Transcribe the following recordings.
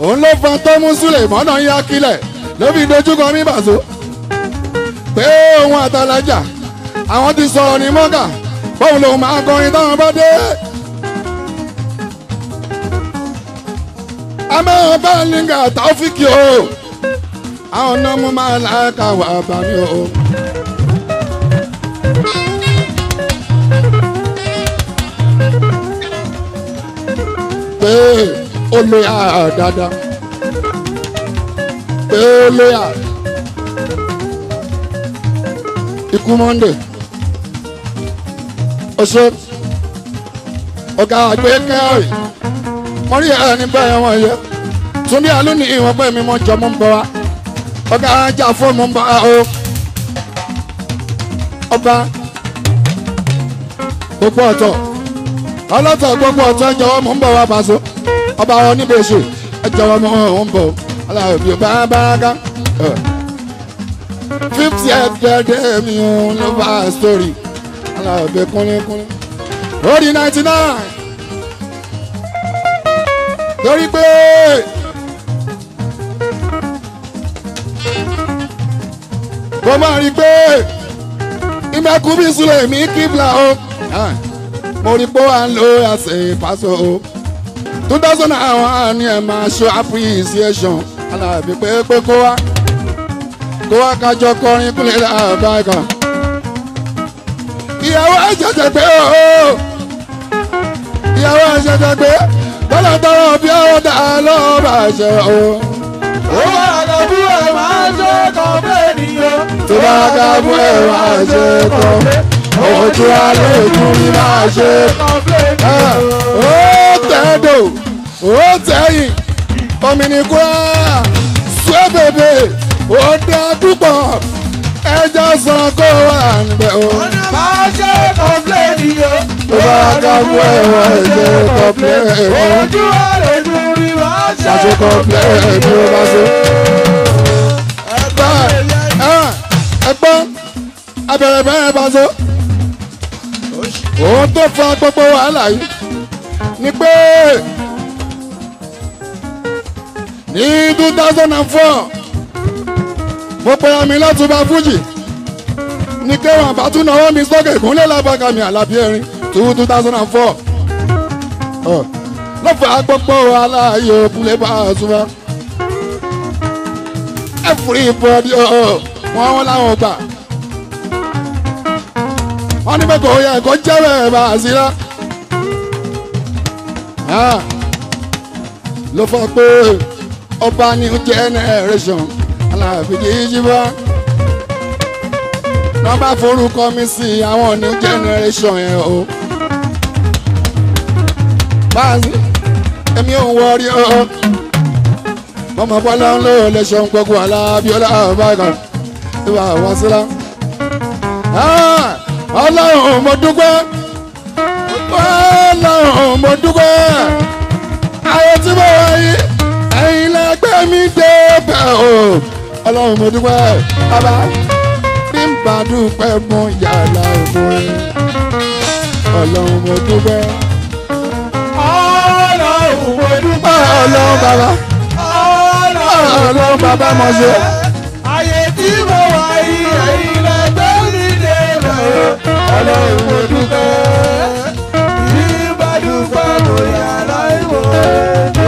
òun ló fa tó mú súlẹ̀ mọ́nà yá kílẹ̀ ló fi dojúkọ mí bàzó pé òun àtàlájà àwọn ti sọ̀rọ̀ ní mọ́gà bóun lòun máa kọrin táwọn bá dé. àmọ́ bá nígbà táwọ́fíìkì o àwọn náà mo máa láàkà wà bá mi o. Hey ó lé à dáadáa pé ó lé à ikú monday ọ̀sẹ̀ ọ̀gá àgbẹ̀ kẹ́rì mo rí ẹni bẹ́ẹ̀ wọ̀n yẹ túndé alóni ìwọ̀n pẹ́ mi mọ́ jọ mọ́ ń bọ̀ wá ajá fóònù ń bọ̀ o ọba gbogbo ọ̀tọ̀ ọlọ́tọ̀ gbogbo ọ̀tọ̀ jọ̀wọ́ mò ń bọ̀ wá bàṣọ ọba wọn níbi èṣù ẹjọ wọn ń bọ aláwọ bí o bá bá ká. fifty eight birthday mi ò ló bá a story aláwọ bí kúnlẹ́kúnlẹ́. orí ninety nine lórí pé. mo máa rí i pé ìmẹ̀kú bí mi kí bla o mo rí i pé wà ń lo àṣẹ ìfàṣọ o two thousand and one ni ẹ máa ṣe appreciation alábí pé pé kó wá kó wá kájọ kọrin kúlẹ̀ láàbáyìíká. ìyàwó àjẹjẹ pé ooo ìyàwó àjẹjẹ pé bọ́lá tọrọ bí ọwọ́ tá a lọ bá ṣe o. ó bá àgbà fún ẹ máa ṣe kàn bẹ́ẹ̀ nìyẹn. tó bá àgbà fún ẹ máa ṣe kàn bẹ́ẹ̀. òun tí a ṣe kàn bẹ́ẹ̀ nìyẹn o ó tẹ̀yìn òmìnira sọ́bẹ̀bẹ̀ ó dá dúpọ̀ ẹja san kó wà níbẹ̀ o. má ṣe kọ́pléèdì o. tó bá dábú ẹ̀wọ̀ ẹ̀jẹ̀ kọ́pléèdì o. ojú àlè lórí má ṣe kọ́pléèdì o bá ṣe. ẹgbẹ́ ẹgbẹ́ abẹ̀rẹ̀ bá ṣe. òun tó fa gbogbo wàhálà yìí ni pé ní two thousand and four mo pera mi látúbà fújì ní kéwọn àbátú náà mi sókè ìkúnlẹ̀ lábàgà mi àlàbí ẹ̀rín two two thousand and four lọ́fọ̀ agbọ́pọ̀ aláàyè òkúnlẹ̀ bá a súnmọ́ everybody wọ́n wọ́n láwọn gbà wọ́n ní bẹ́ẹ̀ kò yẹ kó jẹ́ bẹ́ẹ̀ bá a sí rá ah, ló fọ pé ọba new generation aláàbí jíjíbá nọ́mbà forúkọ mi sí àwọn new generation yẹn o báàsì èmi ò ń wọrí o ọmọ bọ́lá ń lò lè ṣeun gbogbo alábíọ́lá àbákan ìwà àwọn sílá ah, ọlọ́run mo dúpẹ́ ọlọ́run mo dúpẹ́ àwọn tí mo wáyé mi débẹ̀ o ọlọ́run mo dúpẹ́ bàbá bí n bá dúpẹ́ mo yàrá òmùrẹ́ ọlọ́run mo dúpẹ́ ọlọ́run mo dúpẹ́ ọlọ́run bàbá ọlọ́run bàbá mo ṣe. ayé tí mo wà yìí ẹ̀yìn lẹ́gbẹ́ mi débẹ̀ o ọlọ́run mo dúpẹ́ bí n bá dúpẹ́ mo yàrá òmùrẹ́.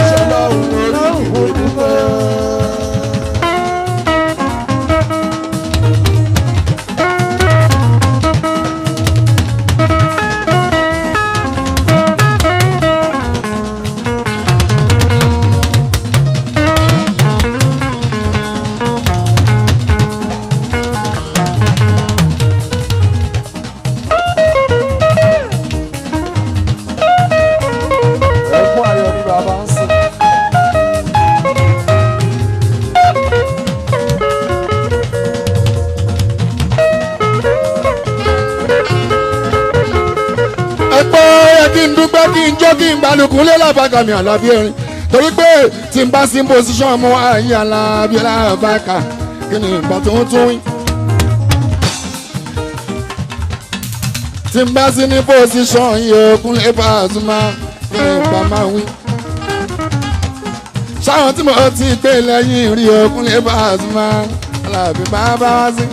kálukú ló làbàkà mi àlàbí erin torí pé tí n bá sí position mú ayé àlàbí làbàkà kí ni ìgbà tó ń tún wí. tí n bá sí ní position yìí okun lè bá a kí ni ìgbà máa wí. sáwọn tí mo ti gbé lẹ́yìn rí okun lè bá a tún bá wá sí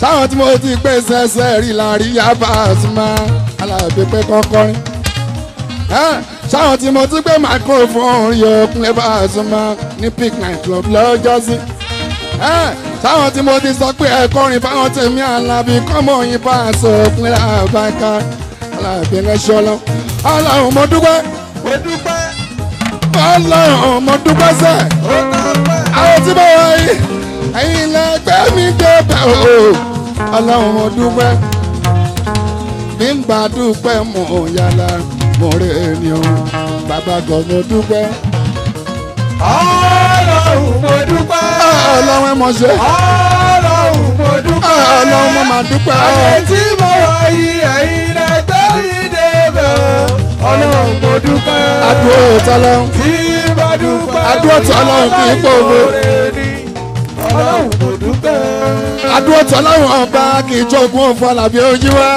táwọn tí mo ti pè sẹsẹ rí láàrin yaba àtúmọ̀ alábẹ́pẹ́ kọ́kọ́rin ṣáwọn tí mo ti gbé microphone yóò kúnlẹ̀ bá a súnmọ́ ní pick night club lọ́jọ́ sí. ṣáwọn tí mo ti sọ pé ẹ kọrin fáwọn tèmi Àlàbí kọ́mọ yín bá a sọ òpin àbáká Àlàbí rẹ́ṣọ́ lọ. Ọlọ́run mo dúpẹ́. mo dúpẹ́. Ọlọ́run mo dúpẹ́ sẹ́. àwọn tí mo wá yìí ẹ̀yin lẹ́gbẹ́ mi gbé bẹ́ẹ̀ o. Ọlọ́run mo dúpẹ́. bí ń gbàdúpẹ́ mo yàrá mọ̀rẹ́ ni o bàbá gan mo dúpẹ́. ọlọ́run mo dúpẹ́. ọlọ́run ẹ mọ̀ ṣe. ọlọ́run mo dúpẹ́. ọlọ́run mo máa dúpẹ́. àyè tí mo rọ yìí ẹ̀yin rẹ̀ tẹ́lẹ̀ débẹ̀ ọlọ́run mo dúpẹ́. adúró tọ́lọ́. tí mo dúpẹ́. adúró tọ́lọ́ kì í pọ̀ mọ́. ọlọ́run mo dúpẹ́. adúró tọ́lọ́ ọba kì í jogún òfò àlàbí ojú wa.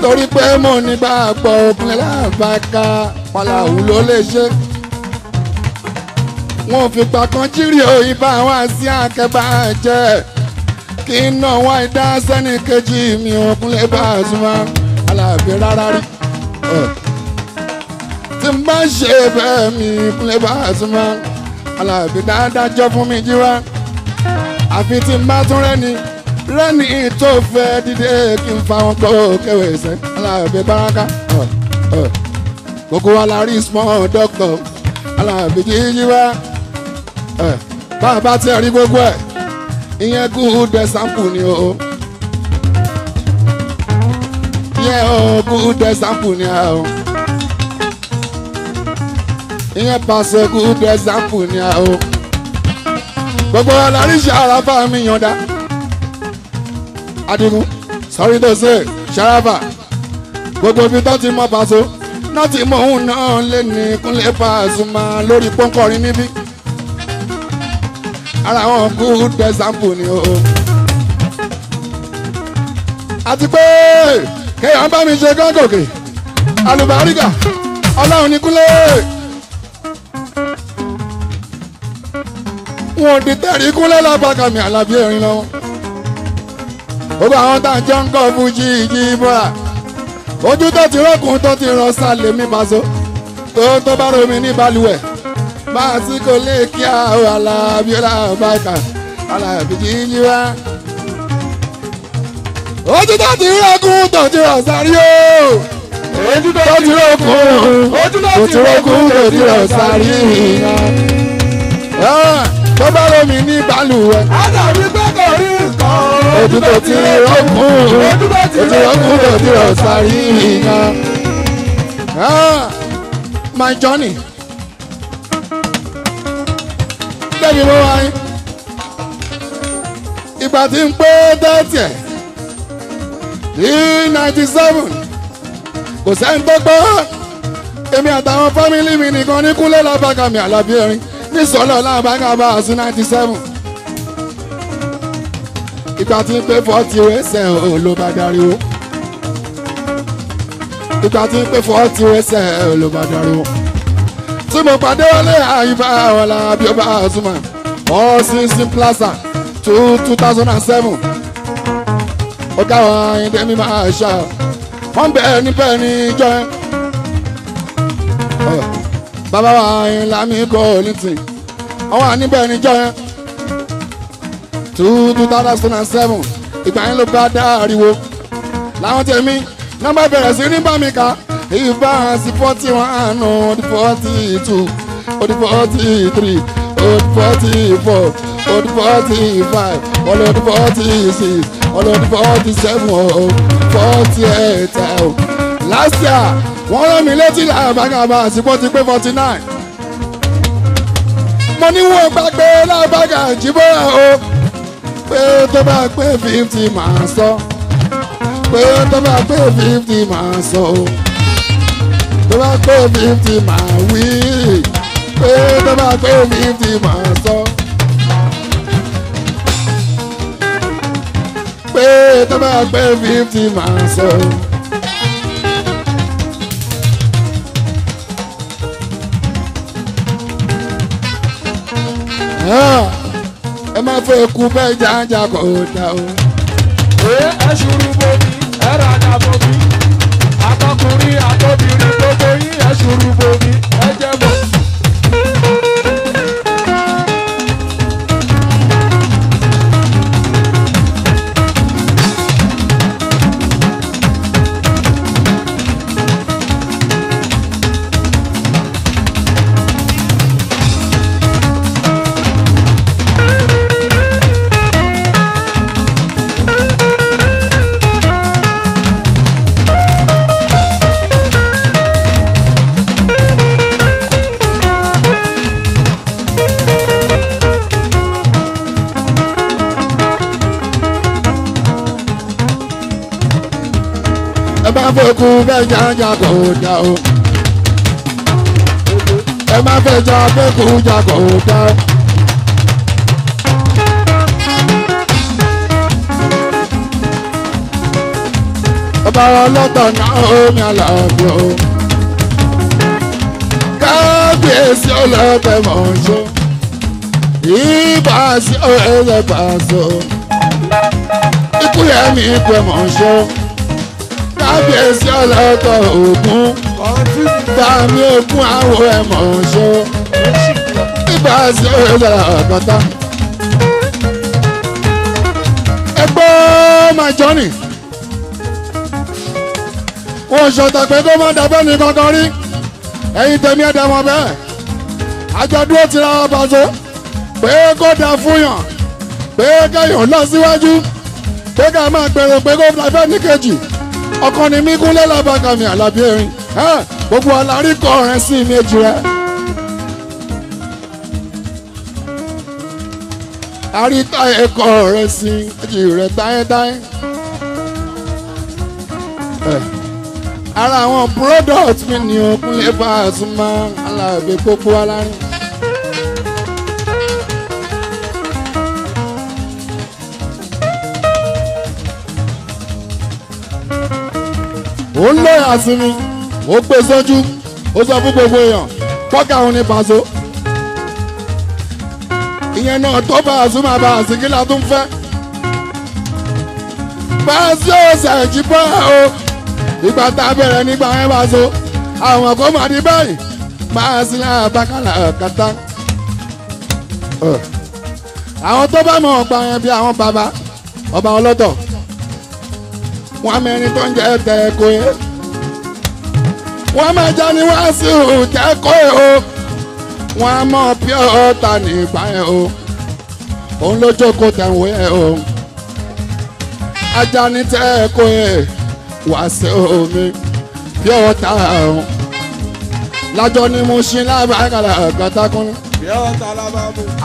torí pé mo ní gbàgbọ́ òpin lábàkà pàlàwù ló lè ṣe. wọn ò fìgbà kan jírí òyìn bá wá sí àkẹ́bàjẹ́ kí iná wá ìdá sẹ́ni kejì mi òkun lè bá a súnmọ́ aláàbí rárá rí. tí n bá ṣe bẹ́ẹ̀ mi òkun lè bá a súnmọ́ aláàbí dáadáa jọ fún mi jíwá àfi tí n bá tún rẹ́ ni lẹ́ni tó fẹ́ dìde kí n fa wọn kó kéwèé sẹ́ aláàbẹ̀ báraka gbogbo wa la rí small doctor aláàbẹ̀ jíjí wá bàbá tí a rí gbogbo ẹ̀ ìyẹn good example ni o ìyẹn o good example ni a o ìyẹn pàṣẹ good example ni o gbogbo wa la rí ṣe mi yàn dá. Adigun sọrí tó ṣe Sharapa gbogbo ibi tó ti mọ Paso náà ti mọ òun náà lé ní Kúnlé Pasuma lórí pọ́ńkọ́rin níbí ara wọn good example ni o. àti pé kéèyàn bá mi ṣe gángòkè alùbáríkà ọlọ́run ní Kúnlé. wọn ò dìtẹ̀rí Kúnlé lábàkàmì Àlàbí ẹ̀rín lọ́wọ́ ó bá wọn tá à ń jọ ń kọ fújì jí bọ́ra ojú tó ti rọ́kùn tó ti ràn sálẹ̀ mi bá so tó tó bá romi ní balùwẹ̀ bá a sì kò lè kí a ó alábíọ́lá báyìí alábí jí ojú tó ti rọ́kùn tó ti ràn sáré o ojú tó ti rọ́kùn tó ti rọ́kùn tó ti ràn sáré o ah, tó bá romi ní balùwẹ̀ ojú tó ti rọ́kùn ojú rọ́kùn tó ti rọ̀ sáré yìnyín. my journey. débi mo wá yín. ìgbà tí ń pé dẹ́tì ẹ̀ ní ninety seven kò sẹ́ni tó gbọ́ èmi àtàwọn fámìlì mi nìkan ní kúlẹ̀ làbàkàmì àlàbí ẹ̀rín ní sọ́lọ́ làbàkàmì àti ninety seven ìgbà tí ń pé fọ́ọ̀tì rẹ̀sẹ̀ ò ló bá dariwo ìgbà tí ń pé fọ́ọ̀tì rẹ̀sẹ̀ ò ló bá dariwo tí mo pàdé wọlé àyíbá ọ̀la abíọ́bá ọ̀túnmọ̀ all sixteen plaza two two thousand and seven ọ̀gá wọn ayíǹde mi máa ṣá wọ́n bẹ̀ẹ́ níbẹ̀ ní ìjọ ẹ̀ bàbá wa ayíǹde lámì kò ní tì wọ́n wà níbẹ̀ ní ìjọ ẹ̀ two thousand and seven ìgbà yẹn ló bá dá ariwo làwọn tèmi nọ́mbà bẹ̀rẹ̀ sí ní bámika ìbá sí forty one odi forty two odi forty three odi forty four odi forty five ọlọ́dún forty six ọlọ́dún forty seven forty eight last year wọ́n rán mi létí làbàgàbà àsìkò ti pé forty nine mo ní wọ́n gbàgbé làbàgà jìbọ́ra o pé tó bá pé fifty máa sọ pé tó bá pé fifty máa sọ tó bá pé fifty máa wí pé tó bá pé fifty máa sọ. pé tó bá pé fifty máa sọ. Yeah ẹ má fẹ́ kú bẹ́ẹ̀ jájà kò dá o. ẹ ẹ ṣùrù bomi ẹ rà dà bomi àtọkùnrin àtọbìnrin gbogbo yín ẹ ṣùrù bomi. ẹ má fòkú bẹ́ẹ̀ jájà kò dá o. ẹ má fẹjọ́ fẹ́kù jà kò dá o. ọba ọlọ́tọ̀ náà omi àlàbò. kábíyèsí ọlọ́tẹ̀ mọ̀ ń ṣó. ìbáṣe ọ̀rẹ́ rẹ̀ bá a sọ. ikú yẹn mi pẹ̀ mọ̀ ń ṣó kábíyèsí ọlọ́tọ̀ ògún bàmí ogún àwọ̀ ẹ̀mọ̀ ṣó nígbà tí ó yẹ ọ̀gọ́ta. ẹgbẹ́ máa jọ nì wọ́n ṣọ̀tà pé kó má dábẹ́ ní kankan rí ẹ̀yin tẹ̀mí ẹ̀dá wọn bẹ́ẹ̀ àjọ̀dún ti ra bàtó pé kó dà fún yàn pé kéèyàn lọ síwájú pé ká máa gbèrò pé kó fẹ́ ní kejì ọkàn ni mí gúnlẹ̀ lábàkà mi àlàbí erin gbogbo alárí kọ rẹ mi méjì rẹ. àríta ẹ̀kọ́ rẹ sí méjì rẹ dáẹ́dáẹ́. ara àwọn product mi ni òkun lè bá a tún máa alábẹ́ gbogbo alárin. ó ń lọ àsinmi ó gbé sójú ó sọ fún gbogbo èèyàn tọ́ka òun ní pàṣọ. ìyẹn náà tó bá àsúnmọ́ àbá àsìkílà tó ń fẹ́. pàṣẹ ṣàǹjì bá o ìgbà tá a bẹ̀rẹ̀ nígbà yẹn pàṣọ àwọn kan máa di báyìí máa sí lára bákàlà àwọn tó bá mọ̀ ọ̀gbà yẹn bí àwọn bàbá ọba ọlọ́tọ̀ wọn amẹrin tó ń jẹ tẹkọ ẹ wọn mẹjọ ni wọn sì hù tẹkọ ẹ o wọn a mọ pure ọta nígbà ẹ o òun ló jókòó tẹ̀wé ẹ o ajá ni tẹkọ ẹ wá sí omi pure ọta o lájọ ni mo ṣe lábàkàlà àgbàtàkùn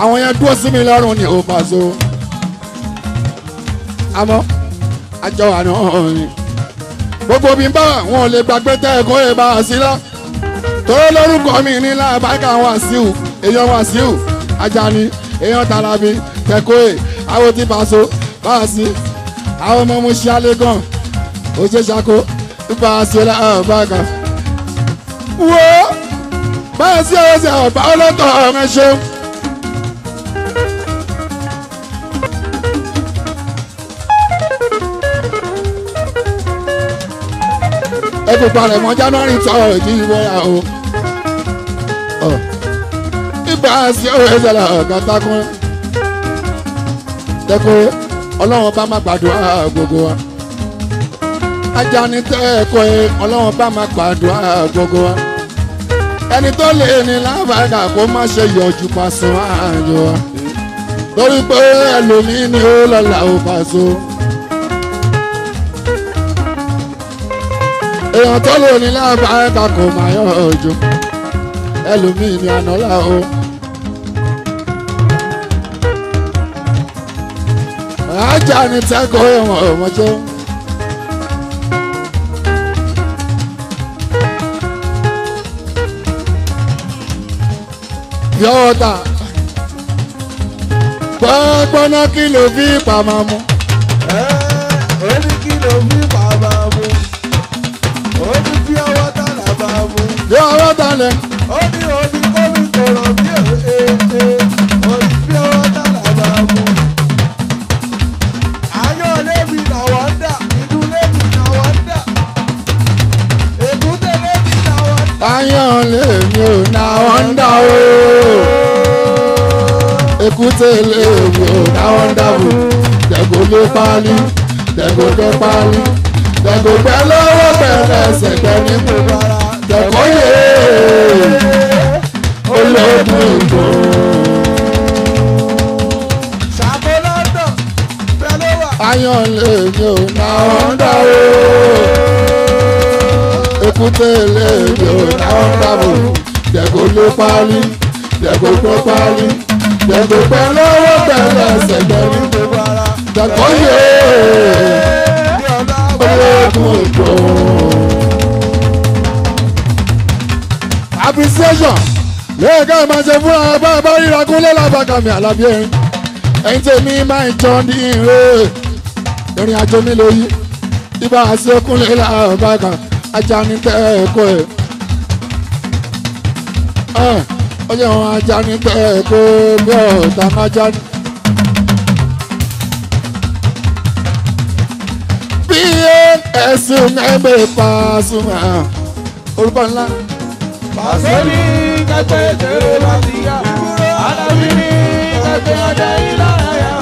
àwọn yẹn dúró sí mi lọ́rùn ni ò bá so àmọ́ àjọ àná ni gbogbo bí n bá wọn ò lè gbàgbé tẹ́ ẹ̀kọ́ ẹ̀ e bá a sí lá tóró lórúkọ mi ní làbáyíká Wàsíù èèyàn Wàsíù Àjàní èèyàn Tàlàbí tẹ̀kọ́ ẹ̀ àwọn ti Paso bá a sí àwọn ọmọ mo ṣe alẹ́ gan ó ṣe ṣako bá a sí làbáyíká wo bá a sí ọ̀sẹ̀ ọ̀bá ọlọ́tọ̀ ọ̀rẹ́ ṣeun. fi palẹ̀ mọ́ January twelve jí bóyá o. ibà sí ọ̀rọ̀ ìṣẹ̀lẹ̀ ọ̀gán takun. tẹ́kọ̀ ọlọ́run bá má gbàdúrà gbogbo wa. ajá ni tẹ́ẹ̀kọ́ ẹ ọlọ́run bá má gbàdúrà gbogbo wa. ẹni tó lè ní lábàgà kó má ṣe yọjú pàṣẹ àjọ wa. torí pé ni ó lọ́la ò èèyàn tó lò ní lábàáríkà kò máa yọ òjò ẹlòmíì ní ànálà o. ajá ni tẹ́kọ̀ọ́ ẹ̀wọ̀n ọmọdé. yọ̀ọ̀ta pọ́npọ́n náà kí ló fi pamọ́ mu. ẹ ẹ ó ní kí ló bí ọ̀rọ̀ dalẹ̀. ó ní omi kómi kòrò bí èèyàn orí bí ọ̀rọ̀ dalẹ̀ bá mú. ayọ̀ lẹ́bi làwọn dà inú lẹ́bi làwọn dà èkúté lẹ́bi làwọn dà. ayọ̀ lẹ́bi làwọn pálí dẹ̀gò lé pálí dẹ̀gò gbẹ lọ́wọ́ gbẹ jẹ̀kọ́yé ológun ìbò. ṣàkólọ́tọ̀ bẹ́ẹ̀ ló wà. ayọ̀ lè mi ò náà ń dá o. èkúté lè mi ò náà ń dá o. jẹ̀kọ́ ló parí jẹ̀kọ́ tó parí jẹ̀kọ́ pẹ́ lọ́wọ́ bẹ́ẹ̀ lọ́sẹ̀ gbẹ̀rú. jẹ̀kọ́yé ológun ìbò. appreciation lẹ́ẹ̀ká ẹ̀ máa ṣe fúnra bá a bá ríra kó lọ́la àlàbí ẹ̀rín ẹ̀yin tèmi máa ń jọ ní ìrè ìrìn àjò mi lóyún ibà àṣekúnlẹ̀ làbàkà ajá ní tẹ́ẹ̀kọ́ ẹ̀ ọjọ́ ah, àwọn ajani ní tẹ́ẹ̀kọ́ bí ọ̀tá máa já ní. bí ẹ̀sùn ẹgbẹ́ pa sùn ah, orúkọ ńlá. Baseli kate tere latia Alabini kate ade ilaya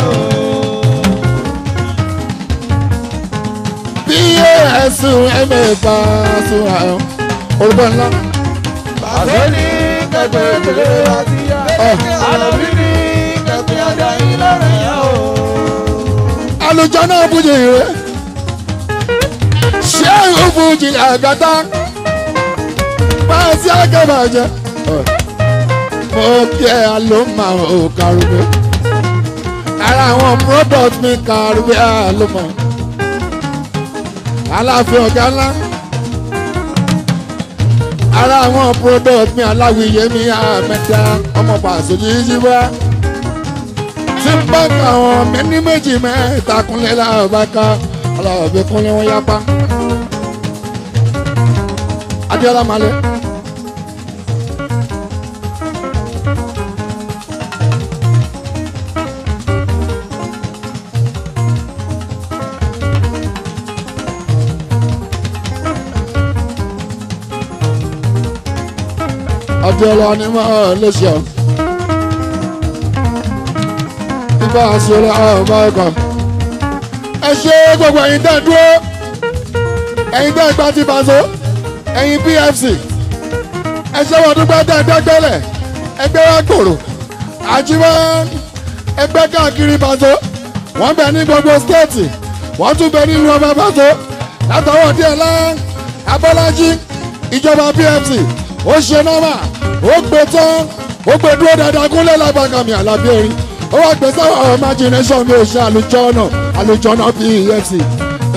Biye esu eme pa ẹ̀sùn àyàn Olùbọ̀ ńlá. Baseli kate tere latia Alabini kate ade ilaya Alùjọ náà bùjì rẹ̀. Ṣé o bá sí àgàbàjẹ́ mo kí ẹ àlọ́mà ò kàrúbẹ́ ara àwọn product mi kàrúbẹ́ àlọ́mà aláfẹ́ ọ̀gá ńlá ara àwọn product mi aláwìyé mi àmẹ́ta ọmọ pàṣẹ yìí yí wá tí ń bá àwọn mẹ́ni méjì mẹ́ta kúnlẹ̀ láàbáká aláwọ̀ kúnlẹ̀ wọn yá pa. Adéọlá Malẹ̀. Abiola ni mo lè ṣe ọ. Ibà Aṣọlá ọba ẹ̀kọ́. Ẹ ṣe gbogbo ẹ̀yin tẹ́ dúró. Ẹ̀yin tẹ́ gba ti Paso. Ẹ̀yin PFC. Ẹ ṣe wọ́n dúpẹ́ tẹ́ dẹ́gbẹ́lẹ̀. Ẹgbẹ́ wa gbòòrò. Àjíwá ẹgbẹ́ káàkiri Paso. Wọ́n bẹ ní gbogbo stéètì. Wọ́n tún bẹ nínú ọba Paso. Látọwọ́ díẹ̀ lá. Abọ́lájí ìjọba PFC ó ṣe nọ́mà ó gbé tán ó gbé dúró dáadáa gúnlẹ̀ lágbàgà mi àlàbí erin ó wá gbé sáwọn ọmọ imagination mi ò ṣe àlùjọ náà àlùjọ náà pfc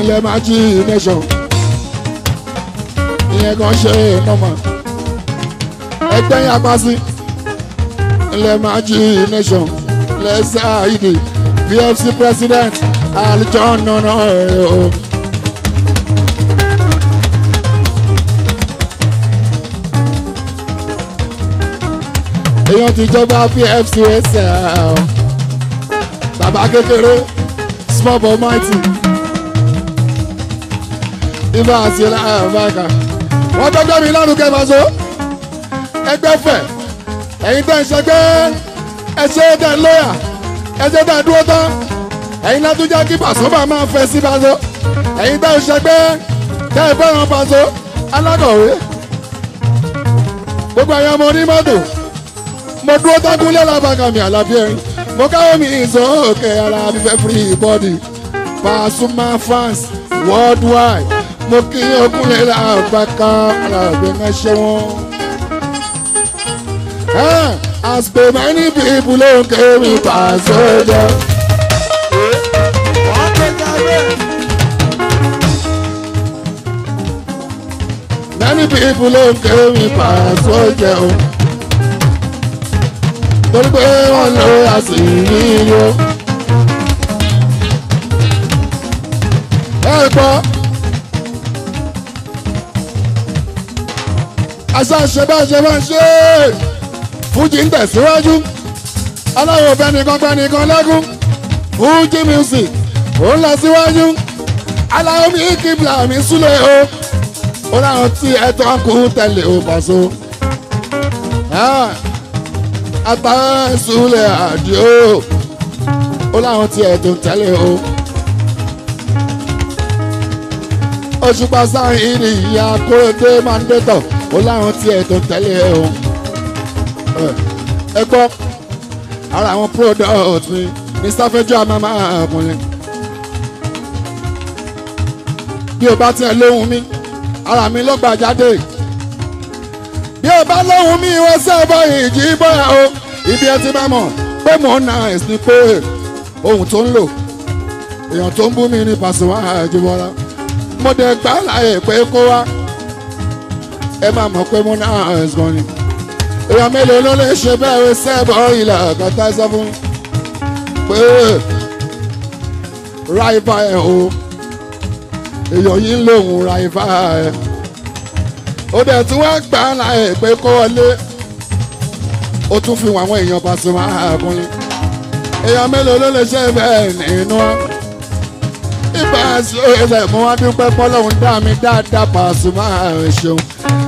ilẹ̀ imagination ìyẹn kan ṣe nọ́mà ẹgbẹ́ yẹn apasi ilẹ̀ imagination lẹ́sà ìdí VFC president àlùjọ náà náà. èèyàn ti jọba pfc ẹsẹ̀ eh, eh, bàbá kékeré small but mighty ibà àti ẹ̀ẹ́dẹ́gbẹ̀ka eh, wọ́n tọ́jọ́ mi lọ́rùn kẹfàṣọ ẹgbẹ́ fẹ̀ ẹ̀yin tẹ̀ ń ṣẹgbẹ́ ẹṣẹ́ tẹ̀ ń lóyà ẹṣẹ́ tẹ̀ ń dúró tán ẹ̀yin látún jẹ́ kí pàṣọ bá máa fẹ́ sí pàṣọ ẹ̀yin tẹ̀ ń ṣẹgbẹ́ tẹ̀ ń fẹ́ràn pàṣọ alákọ̀wé gbogbo ẹ̀yin ọmọ onímọ́tò mo dúró tán kúnlé alábàgà mi àlàbí ẹ̀rín mo káwọ́ mi ìsòkè ara fífẹ́ free body Pasuma fans worldwide mo kí ọkùnlé alábàgà alábẹ́ ẹ̀ ṣe wọ́n. As per many people don't care me Pasuma. Many people don't care me Pasuma torí pé wọ́n lọ àṣírí o. ẹ gbọ́ aṣáṣe bá ṣe bá ṣe fújì ń tẹ̀síwájú aláwọ̀ fẹ́ nìkan pẹ́ nìkan lẹ́kún fújì music ó ń lọ síwájú aláwọ̀ mi kì í bla mi súlẹ̀ o ó láwọn tí ẹ tán kú tẹ̀lé o pàṣọ abáṣúlẹ̀ àdìo ó láwọn tiẹ̀ tó ń tẹ́lẹ̀ o. Òṣùpá sáyìn ní ìyá Kóredé mandétọ̀ ó láwọn tiẹ̀ tó ń tẹ́lẹ̀ o. ẹ gbọ́ ara àwọn product mi ní sáfẹ́jọ́ àmàmà ọkùnrin. bí o bá tiẹ̀ lóhùn mi ara mi ló jáde bí ẹ bá lóhùn mi wọ́n sábà ìjì bọ́ o ibi ẹ ti bá mọ̀ pé mò ń na ẹ̀sìn pé ohun tó ń lò èèyàn tó ń bú mi ní Pasuma Ajíbọ́lá mo dẹ̀ gbá láyè pé kó wá ẹ máa mọ̀ pé mo náà ẹ̀sìn kan ni èèyàn mélòó ló lè ṣe bẹ́ẹ̀ wí sẹ́ẹ̀bọ̀ ìlà kàtà sọ pé ráìbá ẹ̀ o èèyàn yìí ń lòun ráìbá ẹ̀ ó dẹ̀ tí wọ́n gbà á láyè pé kó wọlé ó tún fi wọn àwọn èèyàn Pasuma ààbùn èèyàn mélòó ló lè ṣe bẹ́ẹ̀ nínú wọn ìgbà sí òye mo wá dúpẹ́ pọ́lọ́hún dá mi dáadáa Pasuma ṣeun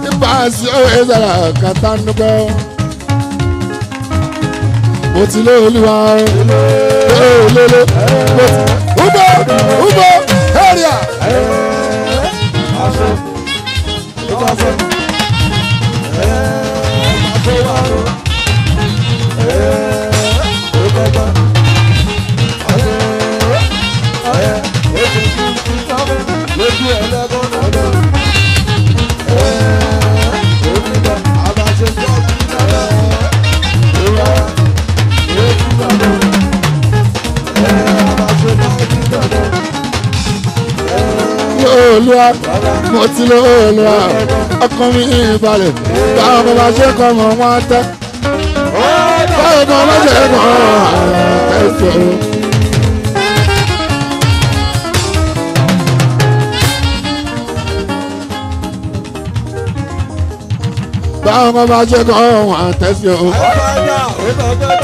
ìgbà sí òye sẹ̀rẹ̀ kàtà ń dúpẹ́ mo ti lé olúwa lé olélé ubo ubo area tó fẹ́ mi. ẹ ẹ máa tó wá o. ẹ ẹ ó fẹ́ gbà. ọ̀rẹ́ ọ̀rẹ́ ó ti kú ti tán fẹ́ mi. lójú ẹlẹ́gàn náà dẹ̀. ẹ ẹ ó ti gbà. àbáṣe tó fi náà. ó wá ó ti gbà náà. ẹ àbáṣe náà ti gbà náà. yóò lọ mo ti lóòlù à ọkàn mi ìbalẹ̀ táwọn ọmọ bá ṣe kọ́ mọ́ wọn tẹ́ báwo kan má ṣe kọ́ ẹ̀sọ́. báwo kan má ṣe kọ́ wọn tẹ́sí o.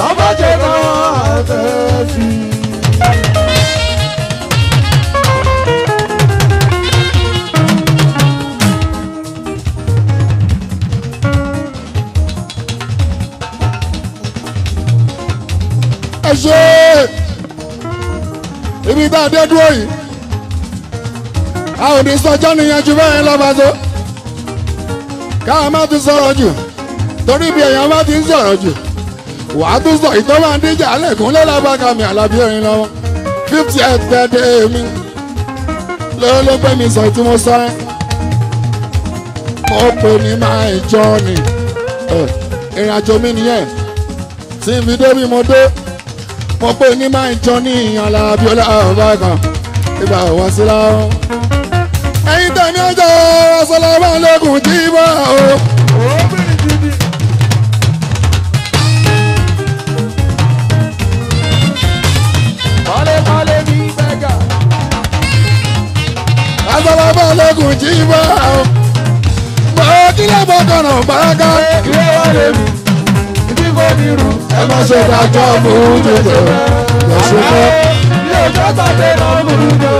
ọba jẹ́ kọ́ wọn tẹ́sí. ẹ ṣe ibi tá a dé dúró yìí a ò ní sọjọ́ nìyẹn ju bẹ́ẹ̀ lọ́ba tó ká a má ti sọ̀rọ̀ jù torí bí èèyàn bá ti ń sọ̀rọ̀ jù wàá tún sọ ìtọ́ máa ń díjà lẹ́kùn lọ́lọ́ba kàmì àlàbí ẹ̀rin lọ́wọ́ fifty eight birthday mi lọ́wọ́ ló gbé mi sọ tí mo sọ ẹ́ mo pè ní máa ń jọ ni ìrìnàjò mi nìyẹn tí n fi dé bí mo dé mo pé ní máa ń jọ ní ìyànlá abiola ọ̀bàkan ìgbà wá sí láwọn. ẹ̀yin tẹ̀mí ọjọ́ ọ̀sọ̀lọ́wọ́ lókun tí bá o. Asọ́lọ́bọ̀ lókun jí bá o. Mo kílẹ̀ bọ́ kọ̀nà bá ká. Kílẹ̀ wá lè mú onírú ẹ má ṣe dájọ́ mú jòjò lọ́sọ̀tọ̀. yóò jọ́ tàbí náà jòjò.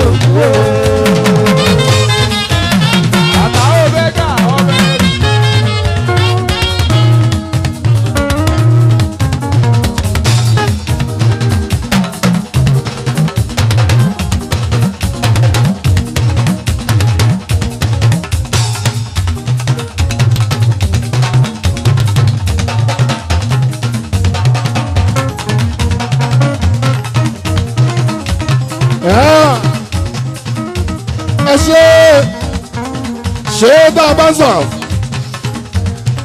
sponsors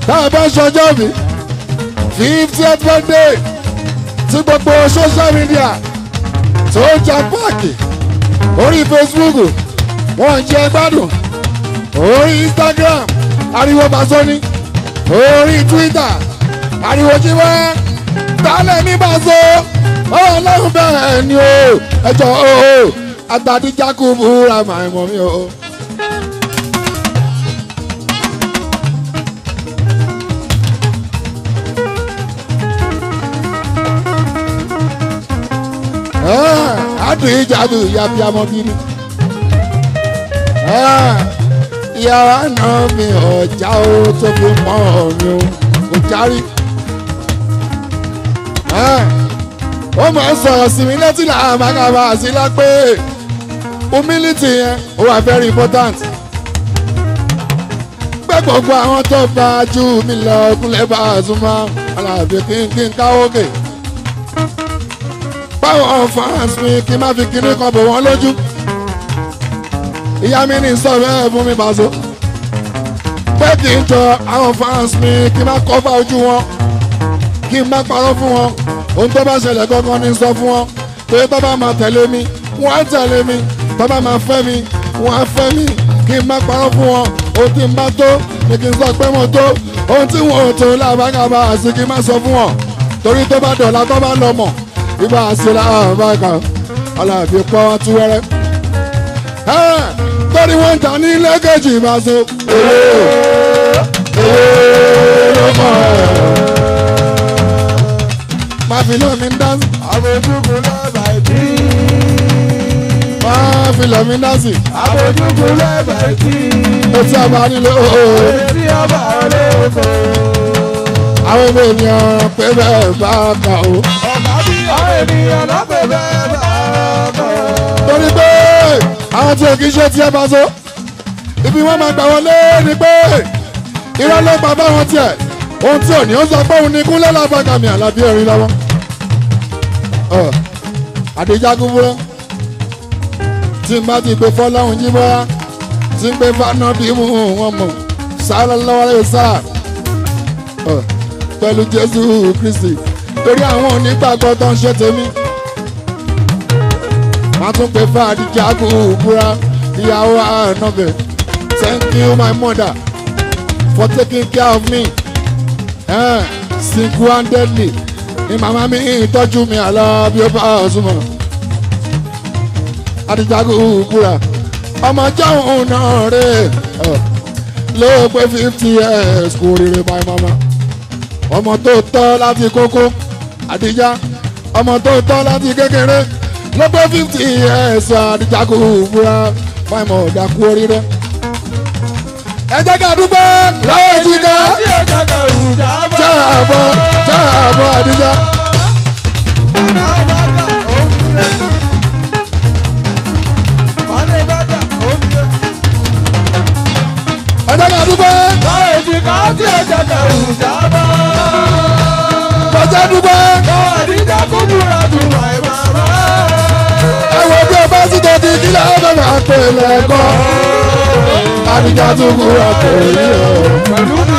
tá a bá ń ṣọjọ́ mi fiftieth birthday tí gbogbo social media tó ń ja páàkì orí Facebook wọ́n ń jẹ gbádùn orí Instagram ariwo Pasoni orí Twitter ariwo jíwá tálẹ̀ ní bàzọ́ ọlọ́run bẹ́ẹ̀ ni o ẹjọ́ o àgbàdìjákùn búra màá mọ̀ mí o. Adu ijadu eh, ya piamo biri. Ah, Yàrá náà mi ọ̀já o tó fi mọ́ mi o, kò járí. Ah, ó máa ń sọ̀rọ̀ sí mi létí làá máa ká a sí lápé. Humility yẹn ó wà very important. Pé gbogbo àwọn tó bá ju mi lọ kúnlẹ̀ bá a súnmọ́, aláàbí kí n kí n káwókè. Okay power of fans mi kí n má fi kíní kan bò wọ́n lójú ìyá mi ní sọ̀rọ̀ ẹ̀ fún mi bàzó pé kí n tọ àwọn fans mi kí n má kọ́fà ojú wọn kí n má parọ́ fún wọn ohun tó bá ṣẹlẹ̀ gangan ni sọ fún wọn pé bàbá máa tẹ̀lé mi wọ́n á tẹ̀lé mi bàbá máa fẹ́ mi wọ́n á fẹ́ mi kí n má parọ́ fún wọn ohun tí n bá tó ni kí n sọ pé mo tó ohun tí wọn ò tó lábàgàbà àti kí n má sọ fún wọn torí tó bá dọ̀la tó bá lọ mọ̀ ibà sílá àbáka aláàbí pọ́ wọn tú wẹ́rẹ́. torí wọ́n ta ní lẹ́gẹ̀jì bá so. èrè èrè ló mọ̀ ẹ́. má fi lọ́ mi dá sí. àbójúkú lọ́ba ìdí. má fi lọ́ mi dá sí. àbójúkú lọ́ba ìdí. etí ọba nílé ooo. Oh, oh. etí ọba ọlẹ́ oko. àwọn ọmọ ènìyàn pé bẹ́ẹ̀ bá kà ó. ọba ènìyàn lọ́fẹ̀ẹ́ bẹ́ẹ̀ bá. torí pé àwọn tí òkè iṣẹ́ tiẹ̀ bá so ibi wọ́n máa gbà wọlé ni pé irọ́ ló pa báwọn tiẹ̀ ohun tí òní ó sọ pé òun ni kúnlẹ̀ lábàgàmì àlàbí ẹ̀rín lọ́wọ́ àdéjágún búrọ́ tí n bá ti gbé fọ́láhùn jí bọ́yá tí n gbé fáná bí mú mọ̀ sálọ lọ́wọ́ rẹ̀ sáà pẹ̀lú Jésù Kristi torí àwọn onígbàgbọ́ tó ń ṣe tèmi má tún pè fáàdì jágùn búra ìyàwó ànàbẹ̀ thank you my mother for taking care of me eh, single and handedly ni màmá mi ìtọ́jú mi àlọ́ bí ó bá ọ̀ṣunmọ̀ àdìjágùn búra ọmọ jọ̀hún náà rèé eh, ló pé fifty years kò rere my mama ọmọ tó tọ́ láti kókó àdìjá ọmọ tó tọ́ láti kékeré lọ́pẹ́ fifty years àdìjá kò fura fáìmọ̀ ọ̀dà kú oríire. ẹ jẹ́ ká dúpẹ́ lọ́wọ́ ìjìká jáàbọ̀ jáàbọ̀ àdìjá. ẹ jẹ́ ká dúpẹ́. lọ́wọ́ ìjìká tí jẹ́ kẹrù ẹwọ bí ọba sí tètè kílẹ̀ ọ̀dọ̀ máa pè lẹ́kọ̀ọ́ àdìjà tó kúrò àpò yìí o.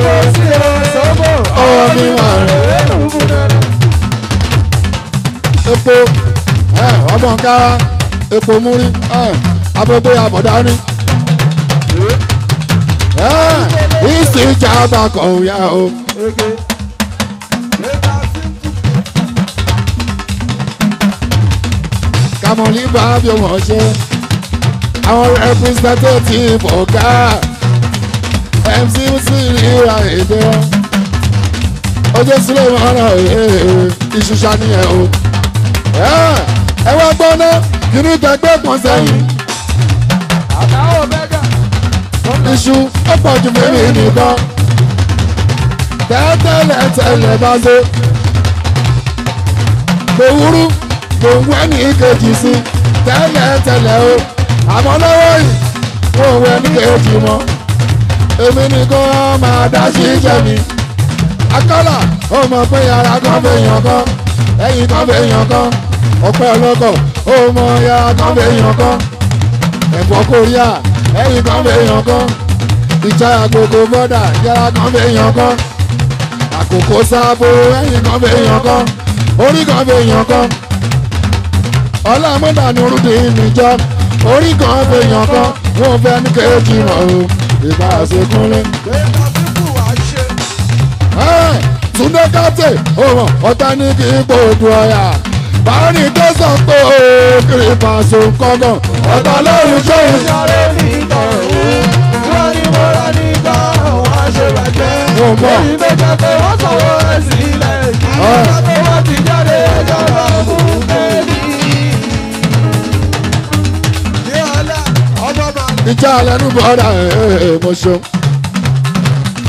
ọ̀rọ̀ sí ọ sọ́bọ̀ ọwọ́ mi wà rẹ̀. epo ọgbọ̀n kára epo múrí abẹ́gbé àbọ̀dá ní. ìsìn ìjàmbá kan yá o. kàmọ́lì bá bí wọ́n ṣe àwọn representative ọ̀gá. Oh MC Musiliu Ayinde wọn. ojú Suleiman ìṣúṣà ni ẹ o. ẹ wá gbọ́ náà kìíní tẹgbẹ́ kan sẹ́yìn. àtàwọn bẹ́gà. iṣu ó pọ̀ ju mímì nìkan. tẹ́tẹ́lẹ̀ tẹ́lẹ̀ Tell ṣe. gbòwúrú gbòwú ẹnì kejì sí tẹ́lẹ̀ tẹ́lẹ̀ o àmọ́ lọ́wọ́ yìí wọ́n wẹ́ ní kejì mọ́ èmi nìkan máa dá sí tèmi. akọ́là ó mọ̀ pé yàrá kan fèèyàn kan ẹ̀yìn kan fèèyàn kan ọ̀pẹ ọlọ́kọ̀ ó mọ yàrá kan fèèyàn kan ẹ̀fọ́ kóríà ẹ̀yìn kan fèèyàn kan ìjà àkókò bọ́dà yàrá kan fèèyàn kan àkókò sáàbò ẹ̀yìn kan fèèyàn kan orí kan fèèyàn kan ọlọ́mọdà ni orúkọ ìmìjọ orí kan fèèyàn kan wọn fẹ́ ní kéèjì mọ́ o ìbá àṣekúnlé. ètò fífù wá ṣe. Túndé Kátè òhàn ọ̀tá ní kí ipò odò ọ̀yà. Báàrin tó sọ pé ó kiri pàṣẹ kọ́gàn. Ọ̀tá lọ́rùn ṣé ń sáré ní ìtàn òun. Wọ́n ní mo rà nígbà àwọn aṣèwàjẹ́. Èyí méjì pé wọ́n sọ̀rọ̀ ẹ̀ sílẹ̀ kí wọ́n tó wá ti ìjà lẹ́nu bọ́dà eh, mo ṣeun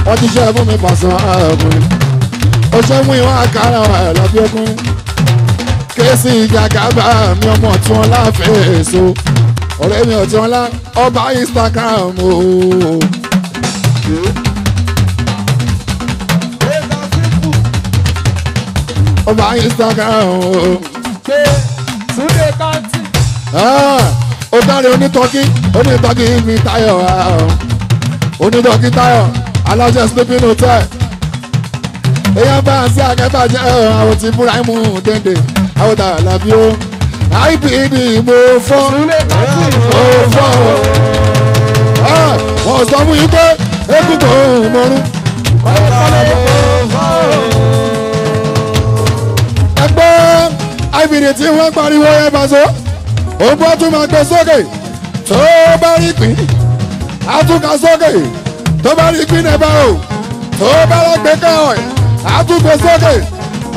wọ́n ti ṣe fún mi pàṣán ọkùnrin eh, ó ṣe mú ìwọ̀n àkàrà eh, lọ́bí ọkùnrin kèsì gàgàbà mi ọmọ tí wọ́n láfẹ́ èso ọ̀rẹ́ mi ọ̀tí wọn lá ọba Instagram o. ọba Instagram ooo. ṣé Túndé Kanti obìnrin onítọ́kí onítọ́kí mi Táyọ̀ onítọ́kí Táyọ̀ aláṣẹ sleeping hotel èèyàn bá ń sí akẹ́bàjẹ́ àwọn tí Búráìmù dèndé àwọn tàà làbí ó IPB mo fọ́ mo fọ́ ah, wọ́n sọ fún yín pé ekú kò ẹgbẹ́ IPB tí wọ́n pariwo ẹ bá so òbú á tún máa gbé sókè tó bá rí pín á tún ká sókè tó bá rí pín nẹ́bà o tó bá rẹ̀ gbé ká ọ̀ á tún gbé sókè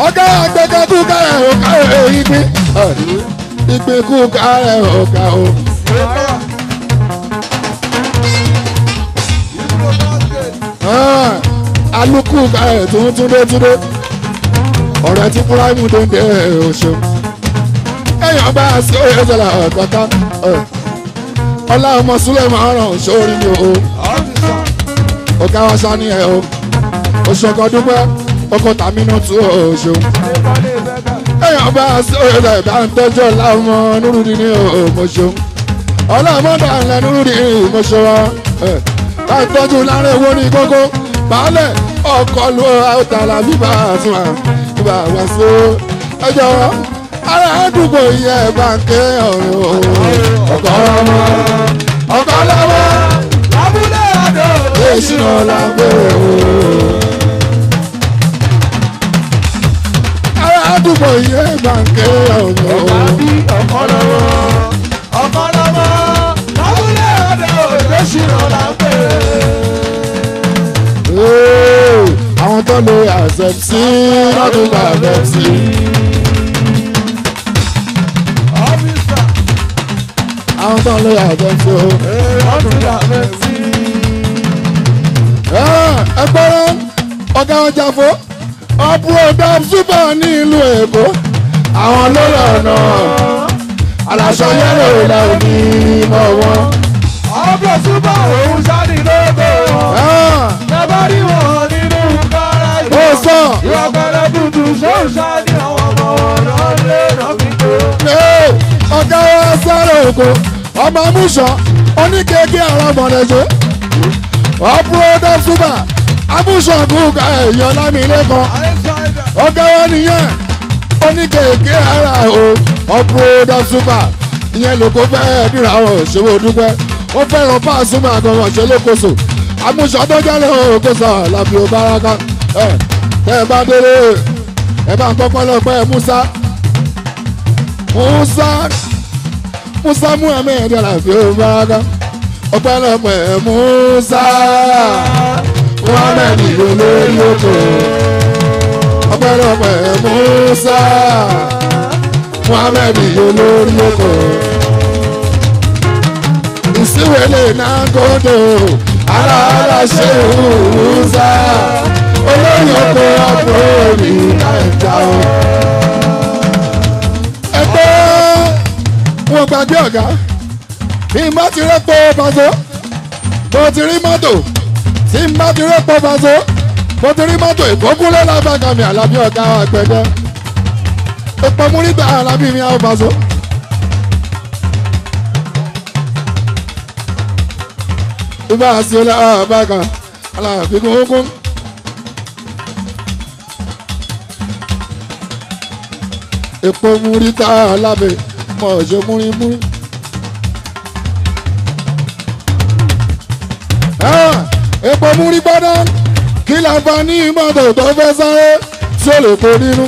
ọ̀gá àgbẹ̀ká tún ká ẹ̀ ò ká ẹ̀ èyí pín kú ká ẹ̀ ò ká o. Ah, alukú ká ẹ̀ tó túndé túndé ọ̀rẹ́ tí fúráìmù tó ẹ̀ ò ṣeun téèyàn bá sí òye sọ̀rọ̀ ọ̀pọ̀tà ọlá ọmọ súlẹ̀ máa ràn sórí mi o ọ̀gá wa sá ní ẹ o oṣokan dúpẹ́ ọkọ tàmínú tú o ṣeun téèyàn bá sí òye sọ̀rọ̀ ìbá ń tọ́jú ọlá ọmọ nírúdi ní o mo ṣeun ọlá ọmọ dànlẹ̀ nírúdi ní mo ṣe wa bá ń tọ́jú lára èwo ní kókó baálẹ̀ ọkọ̀ lu ọ̀tàlà bíbá àtúnwà bíbá wá sí ẹjọ́ ará àdúgbò yẹ bàǹkẹ́ ọ̀rọ̀ ọ̀kọ́ lọ́mọ ọ̀kọ́ lọ́mọ lábúlé àdó èsìnà lágbèrè o. ará yẹ bàǹkẹ́ ọ̀rọ̀ ọ̀kọ́ lọ́mọ ọ̀kọ́ lọ́mọ lábúlé àdó èsìnà lágbèrè. àwọn tó lo àṣẹ tí bá àṣẹ àwọn tó ń lọ yàgbẹ́ sí o. wọ́n tún yàgbẹ́ sí. Ah, ẹ gbọ́dọ̀ ọ̀gá ọjà fó ọ̀pọ̀ dam super ní ìlú èkó àwọn lórí ọ̀nà aláṣọ yẹ́lò ìlà òní mọ̀ wọn. ọ̀pọ̀ super òun sáré lóko wọn. Ah. bàbá rí wọn nínú gáràjì. ó sọ. ìwà gbọ́dọ̀ tuntun ṣó ń sáré àwọn ọmọ wọn lọ́lẹ́ rọ́bìtì ọ̀gá wa sáré òkò ọmọ amúṣọ oníkeke alábọ̀dẹ̀jọ́ ọ̀pọ̀lọpọ̀ ṣùgbà amúṣọ gúgà èèyàn lámìlẹ́kan ọ̀gá wa nìyẹn oníkeke ara o ọ̀pọ̀lọpọ̀ ṣùgbà ìyẹn lóko fẹ́ẹ́ dìrà ọ̀ ṣòwò dúpẹ́ ó fẹ́ràn Pasuma àgbọ̀ngàn ṣe lókoṣò amúṣọ tó jẹ́lẹ̀ òkè sọ làbí ò bára ká ẹ tẹ́ ẹ bá délé ẹ bá ń kọ́kọ́ lọ pẹ́ Musa musa musa muhammed aláfíà òmùbáraka ọpẹ́lọpẹ́ musa muhammed olórí oko ọpẹ́lọpẹ́ musa muhammed olórí oko ìsíwèlè náà gòdò aláàlá ṣe musa olórí oko ọkọ mi náà ń ta ọ. fún ọgbà dé ọ̀gá bí n bá ti rẹ́pọ̀ Paso mo ti rí mọ́tò tí n bá ti rẹ́pọ̀ Paso mo ti rí mọ́tò ìkókúnlẹ̀ lábàgàmì àlàbí ọ̀gá àgbẹ̀dẹ ìpọ̀ mú nígbà àlàbí mi àwọn Paso. ìbá àti ọlá àbàgà àlàbí kúnkún. ìpọ̀ mú nígbà àlàbí ọmọ òjò múrímúrí. Ah, epo múrí gbọ́dọ̀ kí la bá ní mọ́tò tó fẹ́ sáré tí ó lè po nínú.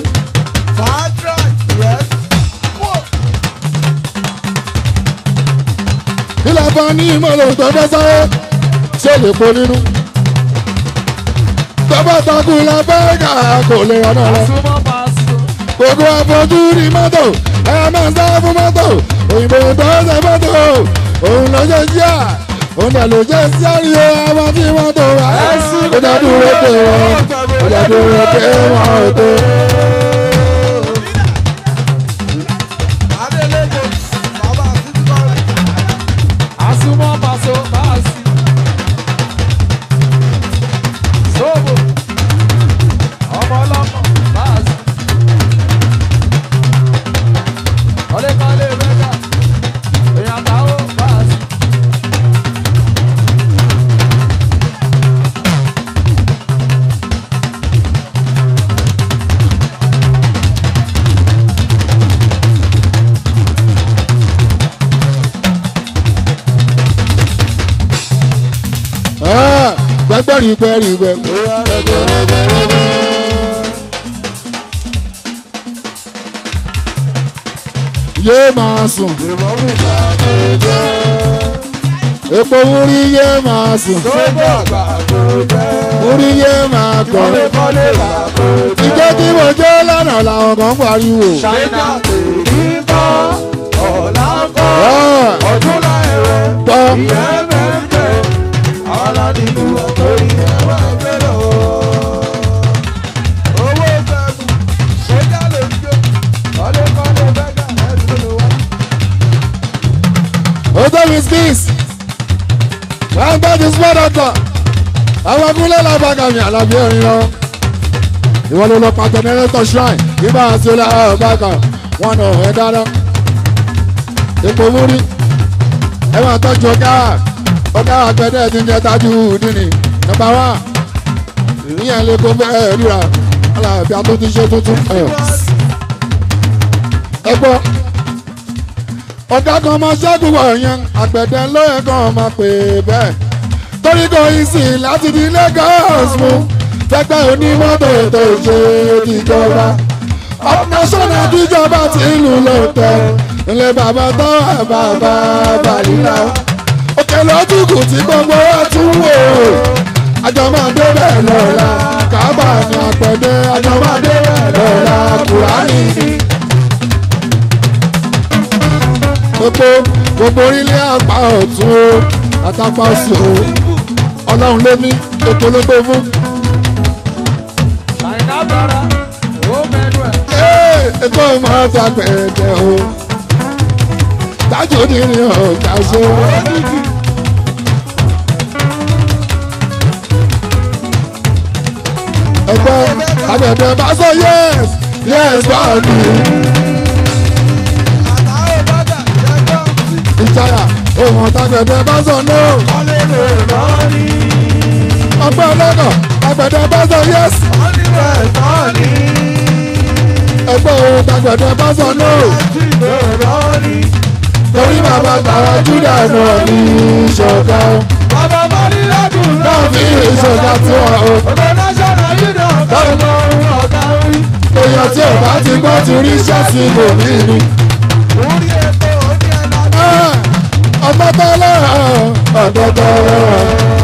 kí la bá ní mọ́tò tó fẹ́ sáré tí ó lè po nínú. tọ́pọ̀ takùn la bẹ́ẹ̀ kà kò lè rán náà lọ. gbogbo afọ́jú ní mọ́tò ẹ máa ń sáré fún mọ́tò òyìnbó tó ń ṣe mọ́tò òun ló ṣe ṣíà gbẹ́gbẹ́rì gbẹ́rì gbẹ́. yé máa sùn. epo wúrí yé máa sùn. wúrí yé máa tọ̀. ìjẹ́ kí mo jó lọ́nà làwọn kan pariwo. ṣáínà tèmi kọ́ ọ̀la ah. ọdún láìrẹ́ ìyẹn bẹ́ẹ̀ nínú ọkọ̀ ìyá wa gbẹ́rọ̀ o. owó gbẹ̀gùn ṣé ká lè gbé kọ́lékọ́lé bẹ́gà ẹ̀sùn ló wá. Odo with this, wọ́n gbọ́ ti small doctor, àwọn kúlẹ̀ làbàgàmì àlàbí orin lọ. Ìwọ ló lọ pàtó nẹ́rẹ́tọ̀ shrine, ibà àti olè àwọn bàgà, wọn nà ọ̀hẹ́ dáná. Epo múrí, ẹ máa tọ́jú ọgá ọ̀gá àgbẹ̀dẹ ti ń jẹ tájú dínì nọ́mbà wá ìyẹn lè kó bẹ́ẹ̀ ríra aláàbíà tó ti ṣe tuntun ẹ̀. ẹ gbọ́ ọ̀gá kan máa ṣẹ́gun wọ̀nyẹn àgbẹ̀dẹ lóye kan máa pè bẹ́ẹ̀ torí kò í sìn láti di Lagos mú fẹ́gbẹ́ onímọ́tò ètò ìṣe ìjọba ọ̀nà sọ́nà tíjọba ti ń lù lọ́tẹ̀ ilé bàbá tó bàbá bàlílà òkè lọ́dúnkù tí gbogbo wa tún wò ó àjọ máa dé bẹ́ẹ̀ lọ́la kábà ní àpẹẹrẹ àjọ máa dé bẹ́ẹ̀ lọ́la kùránì. gbogbo gbogbo orílẹ̀ àpá ọ̀tún o àtàpá sí o ọlọ́run ló ní ètò ló gbé fún. ètò máa ta pẹ̀lẹ́ o tájú ní ọ̀gá ṣe. ẹgbẹ́ àbẹ̀bẹ̀ bá sọ yes yes bá mi. ìjayà ohun ọ̀tàbẹ̀bẹ̀ bá sọ no. ọgbẹ́ ọlọ́dọ̀ àgbẹ̀dẹ̀ bá sọ yes. ẹgbẹ́ ohun ọ̀tàbẹ̀bẹ̀ bá sọ no. torí bàbá tàwa júdà náà ní ìṣọ̀kan. bàbá bá ní lẹ́kùn náà fi ìṣọ̀kan tiwa o báwo lọ rí ọ̀gá rí èèyàn tí ò bá ti gbọ́ ti rí ṣọ́ọ̀ṣì lò ní ọmọ bá lọ́rọ̀ ọ̀dọ́dọ́.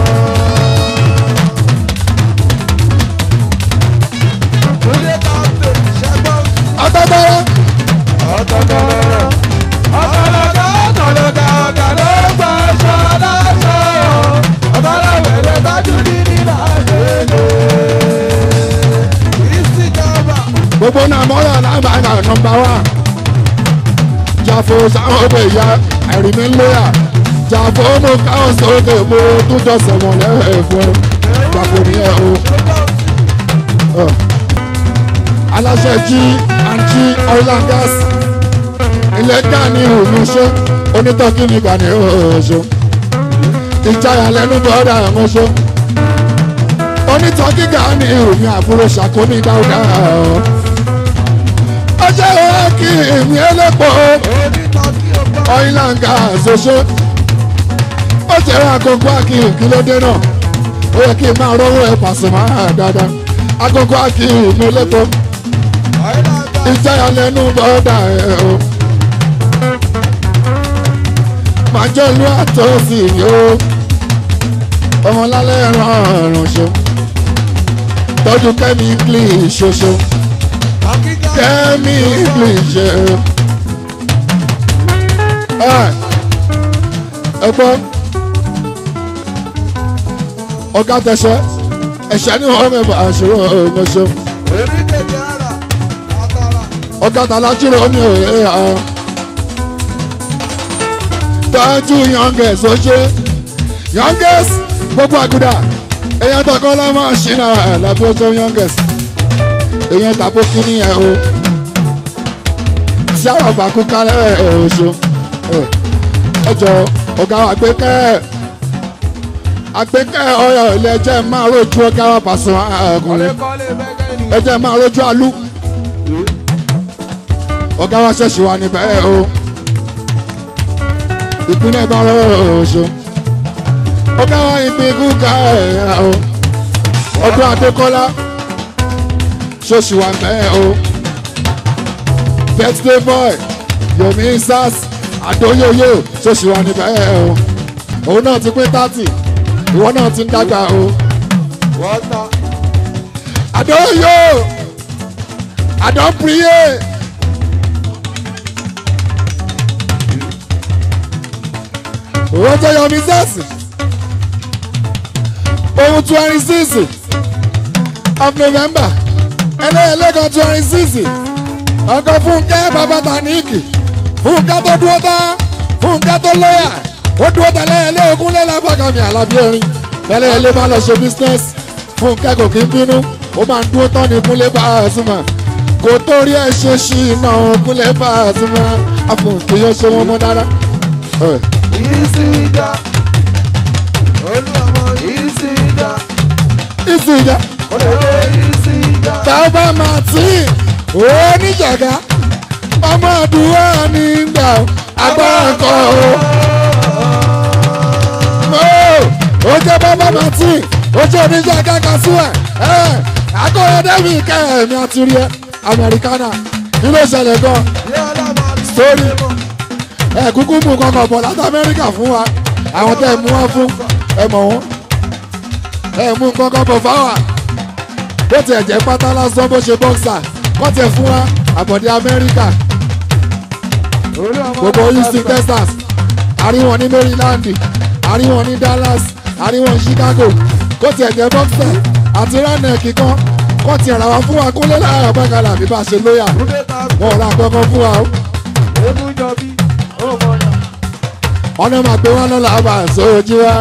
gbogbo náà mọ́yà lábàárà nọmba wá. Jàfó sáwọn òde ìyá ẹ̀rí lóyà. Jàfó mo káwọn sókè mo tún jọ sẹ̀wọ̀n lẹ́hìn fún Jàfó ni ẹ o. Aláṣẹ jí àǹtí ọ̀là gáàsì. Ilé Gani ìlú ṣe onítọ́kí ni Gani ọ̀ṣọ́. Ìjayà lẹ́nu bọ́dà ẹ̀mọ́ṣọ́ onítọ̀ gíga ní ìròyìn àbúrò ṣàkóní dáúdáú ó jẹ́ wá kí èmi ẹlẹ́pọ̀ ọ̀ìlàǹgà ṣoṣo ó jẹ́ wá agogo akin kílódé náà ó yẹ kí n máa rọ́wọ́ ẹ̀ pàṣẹ máa dáadáa agogo akin mi lẹ́pọ̀ ìjayà lẹ́nu bọ́dà ẹ̀ o màjọ́lú àtọ́sí yóò ọmọlálẹ́ ràn ràn ṣo tọ́jú kẹ́mi clean ṣoṣo. Tell Kẹ́mi English. Ẹ gbọ́, ọ̀gá tẹ̀sẹ̀, ẹ̀ṣẹ̀ ni wọ́n mẹ́fà àṣírò ọ̀gbẹ́sẹ̀. Ọ̀gá tàlá jírò ní òye àwọn. Tọ́jú youngest ó ṣe youngest gbogbo àgùdà èèyàn tọkọ lọ́mọ ṣìnà àlàbí ó tó youngest èèyàn tàbó kíní ẹ̀ o tí àwọn àgbà kú kálẹ̀ ẹ̀ oṣù ẹjọ́ ọ̀gá wa gbé kẹ́ ẹ̀ àgbékẹ́ ọ̀rọ̀ ilẹ̀ ẹjẹ́ máa rojú ọ̀gá wa pàṣẹ ọkùnrin ẹjẹ́ máa rojú alú ọ̀gá wa ṣẹ̀ṣì wà níbẹ̀ ẹ̀ o ìpínlẹ̀ ìbára oṣù ọ̀gá wa ìpín kú ẹ̀ o Adékọ́lá. So she wa bẹ́ẹ̀ o birthday boy yomi sars adoyoyo ṣọ́ọ̀ṣì wa ni bẹ́ẹ̀ o òun náà ti pé thirty ìwọ náà ti ń dàgbà o adoyoyo adopriye. Rojo Yomi Sars ohun twenty six of November ẹlẹ́ẹ̀lẹ́kan twenty six ọkọ̀ fúnkẹ́ bàbá taniki fúnkẹ́ tó dúró tán fúnkẹ́ tó lọ́yà ó dúró tán lẹ́yẹ̀lẹ́ ogún lẹ́la fàkàmì àlàbí orin ẹlẹ́yẹ̀lẹ́ máa lọ ṣe business fúnkẹ́ kò kí ń bínú ó máa ń dúró tán ní kúnlé bá a sùn mọ́ kò torí ẹ ṣe ṣì iná kúnlé bá a sùn mọ́ àfọ̀nkẹ́ yóò ṣe wọn mọ́ dára. ìsìnjà olùwàmọ̀ ìsìnjà. ìsìnjà. olùwàmọ̀ ìsìnjà tàbá martin oníjàgá ọmọ àdúrà nígbà agbáǹkọ o. ó jẹ́ bàbá martin ó jẹ́ oníjàgá kásúwẹ̀ ẹ̀ akọ́yọ̀ dẹ́bì kẹ́hẹ̀mí àtúrí ẹ̀ amẹ́ríkánà nílò ìṣẹ̀lẹ̀ gan sórí ẹ̀ kúkú mú kankan bọ̀ láti amẹ́ríkà fún wa àwọn tẹ́ ẹ̀ mú wá fún ẹ̀ mọ̀ wọ́n ẹ̀ mú kankan bọ̀ fáwọn bó tiẹ̀ jẹ́ pátá lásán bó ṣe bọ́ksà wọ́n tiẹ̀ fún wa àbọ̀dé amẹ́ríkà gbogbo houston texas àríwọ̀n ní maryland àríwọ̀n ní dallas àríwọ̀n chicago bó tiẹ̀ jẹ́ bọ́ksà àti ránẹ̀kì kan kọ́ tiẹ̀ ra wa fún wa kó lé láàárọ̀ pẹ́kàlà bí bá ṣe lóyà wọ́n ra kankan fún wa o. ọ̀nà màgbé wa lọ́la àbà sójú wa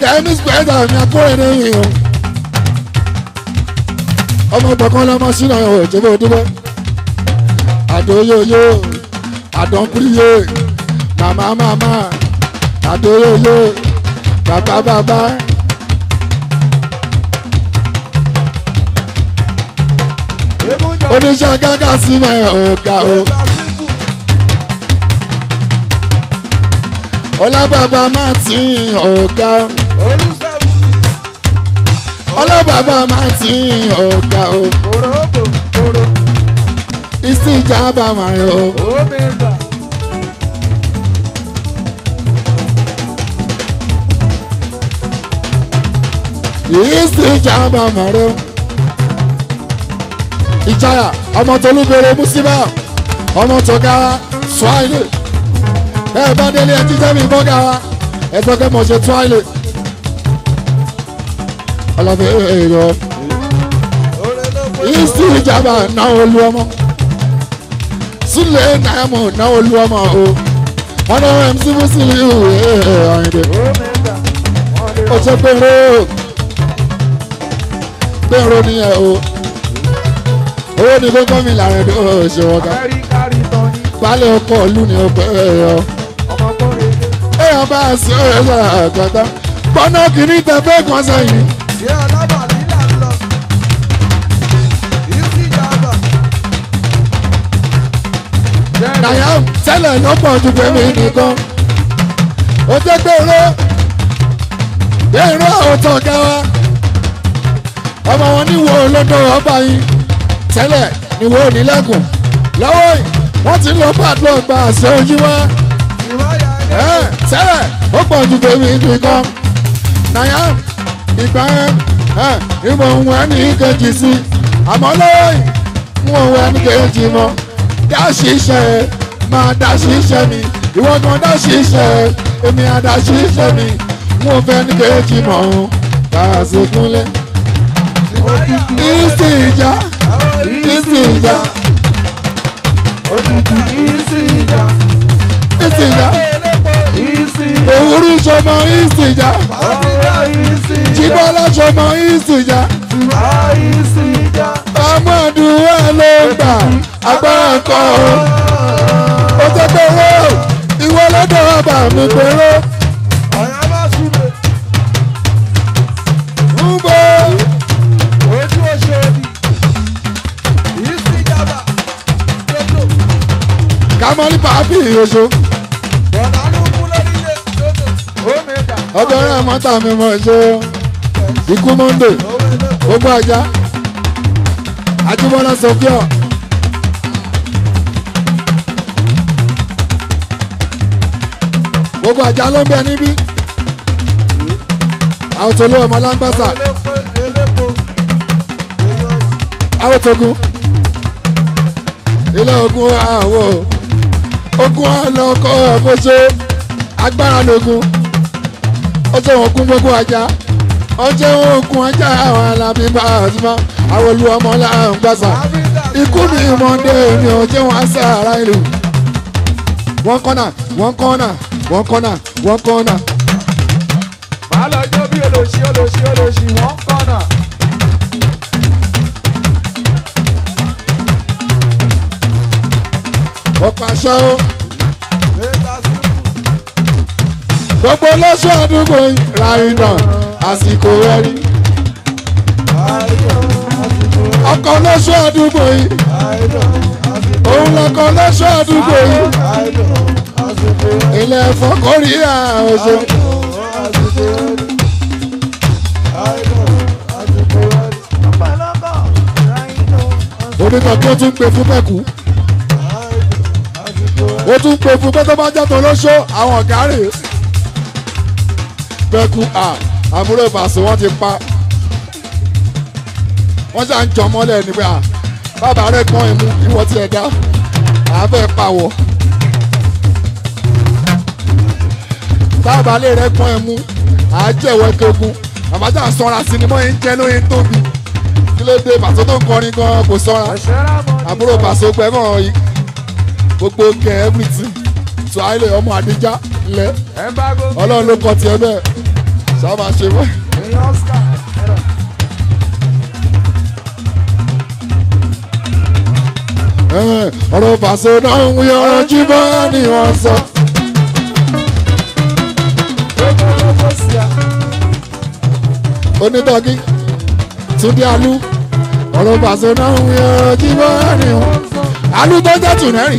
kẹ́mi square mi akóre ní ìhùn ọmọ tọkàn lọmọ sínú àwọn òjòbó dúpẹ́ àdóyóyó àdọ́kúrìyé màmá màmá àdóyóyó bàbá bàbá. oníṣẹ́ gágá sí mẹ́ ọ̀gá o. ọlábàbà máa ti ọ̀gá. olùsọ ọlọ́bàbà máa ti ọ̀gá o. ìsì ìjàmbá máa yọ. ìsì ìjàmbá máa yọ. ìjayà ọmọ tolúgbèrè musíbà ọmọ tọ̀gára swahili ẹ bá délé ẹtí jẹ́mi bọ́gára ẹ sọ pé mo ṣe twilight ọlọ́fẹ́ ẹ̀yọ ìsì ìjàmbá náà olú ọmọ sílẹ̀ náàmù náà olú ọmọ o wọn náà ẹ̀ ń síbú sílẹ̀ ìwé e, ọ̀yìnbó o ṣe péré o péré ni ẹ o owó ni gbogbo mi làwọn ẹni o, ṣe wọn ká balẹ̀ ọkọ̀ ìlú ni o pẹ́ ẹ̀yọ èèyàn bá a sọ ẹ̀yọ àgbàdá bọ́nà kìíní tẹ fẹ́ kàn sẹ́yìn. Kàyà tẹ́lẹ̀ ló pọ̀ ju pèmí nìkan. Ó jẹ́ gbèrò gbèrò ọ̀tọ̀ gẹ́wà. Ọmọ wọn níwò lọ́dọ̀ ọba yìí. Tẹ́lẹ̀ níwò nílẹ̀kùn. Lọ́wọ́ yìí wọ́n ti lọ pàdé ọgbà àṣẹ ojú wa. Tẹ́lẹ̀ ó pọ̀ ju pèmí nìkan. Kàyà ìgbà ẹ̀ ìmọ̀ òun ẹni kejì sí. Àmọ́ lọ́wọ́ yìí wọn wẹ ní kejì mọ dáṣì ṣe máa dá ṣiṣẹ́ mi ìwọ gan dá ṣiṣẹ́ èmi àdá ṣiṣẹ́ mi n ò fẹ́ ní kejì mọ̀ ọ́n bá a ṣe kúnlẹ̀. ìsì ìjà ìsì ìjà òtútù ìsì ìjà ìsì ìjà òwúrú sọmọ ìsì ìjà jíbọ́lá sọmọ ìsì ìjà àmọ́ àdúrà ló gbà agbára kan mo jẹ́ pé owó ìwọ lọ́dọ̀ ọba mi péré. ọ̀yà bá súnmọ́. ń bọ́ ojú òṣèlú yìí sí ìjàmbá lóko. kámọ́lì pàápì oṣù. bọ̀dá ló kú lórílẹ̀ lóko. ó mẹ́ta. ọbẹ̀rẹ̀ mọ́tà mi mọ̀ ṣe ikú monde gbogbo ajá ajúmọ́lá sọ fíọ́. gbogbo àjà ló ń bẹ níbí àwọn tó lé ọmọ àwọn tó ilé ogun àwọ̀ ogun àlọ́kọ́ agbára lógun wọn kún gbogbo àjà ó wọn kún àjà àwọn alábí bá àtúmọ̀ àwọn olúwọmọ lágbàsà ikú mi mọ̀ dé mi ò jẹ́ wọn sára ìlú wọ́n kọ́nà wọ́n kọ́nà. màá lọ jó bí olóṣì olóṣì olóṣì wọ́n kọ́nà. ó pàṣẹ o. gbogbo olóṣù àdúgbò ra iná àsìkò ẹ̀rí. ọkọ̀ olóṣù àdúgbò yìí. òun lọkọ̀ olóṣù àdúgbò yìí ilẹ̀ fọkọ̀ríà ọ̀sẹ̀. oníkan tó tún gbé fún pẹ́kù ó tún gbé fún pẹ́tọ́ bá jàtọ̀ lóṣó àwọn ọ̀gá rè pẹ́kù à àmúrò ìbàṣẹ wọn ti pa wọ́n ṣà ń nígbà bàbá rẹ̀ gbọ́n ìmú ìwọ́ ti ẹ̀dá àbẹ̀ pàwọ̀. tábàlẹ̀ rẹ̀ pọ́n ẹ̀ mú àjẹwẹ́ kegun àbájá sanra sinimá yìí jẹ́ lóyún tóbi kí ló dé pàṣẹ tó ń kọrin gan kò sanra àbúrò pàṣẹ gbẹ́mọ̀ yìí gbogbo kẹ everything tó àìlè ọmọ àdíjá lẹ ọlọ́run ló kọ tiẹ̀ bẹ́ẹ̀ ṣáà máa ṣe wẹ́. ọ̀rọ̀ pàṣẹ náà ń wí ọ̀rọ̀ jíbọ́ ni wọ́n sọ. onítọ́gí túndé alú ọ̀rọ̀ pàṣẹ náà ń yan jíbọ́ rìn wọn alú tó jẹ́ tùnẹ́rì.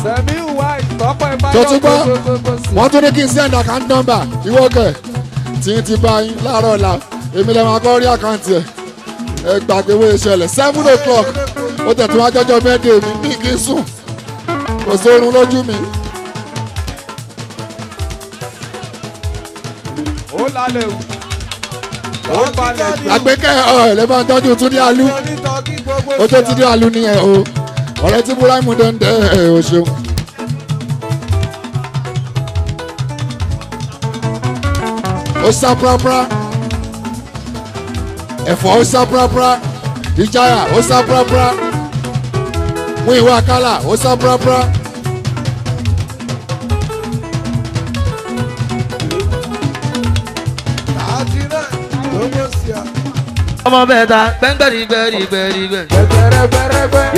sẹ̀mí wà ìtọ́pẹ́ báyọ̀ tó tún gbọ́ wọ́n tún ní kí n send account number ìwọ́kẹ̀ tí n ti bá yín láàárọ̀ ọ̀la èmi lè máa kọ́ rí àkáǹtì ẹ̀ ẹ gbàgbé wo ìṣẹ̀lẹ̀ seven o'clock ó tẹ̀tún wá jọjọ mẹ́ẹ̀dẹ̀ mi bí kì í sùn kò sórun lójú mi. ó lálẹ́ o àgbékẹ́ ọ̀ lè máa tọ́jú Túndé Alú ó tó Túndé Alú nìyẹn o ọ̀rẹ́ tí Búráìmù dán dẹ́ ẹ̀ o ṣeun. ó sá púrápúrá ẹ̀fọ́ ó sá púrápúrá ìjáyà ó sá púrápúrá mú ìwé àkàlà sá púrápúrá. ọmọ bẹ́ẹ̀ ta gbẹ́ngbẹ́rì gbẹ́rì gbẹ́rì gbẹ́.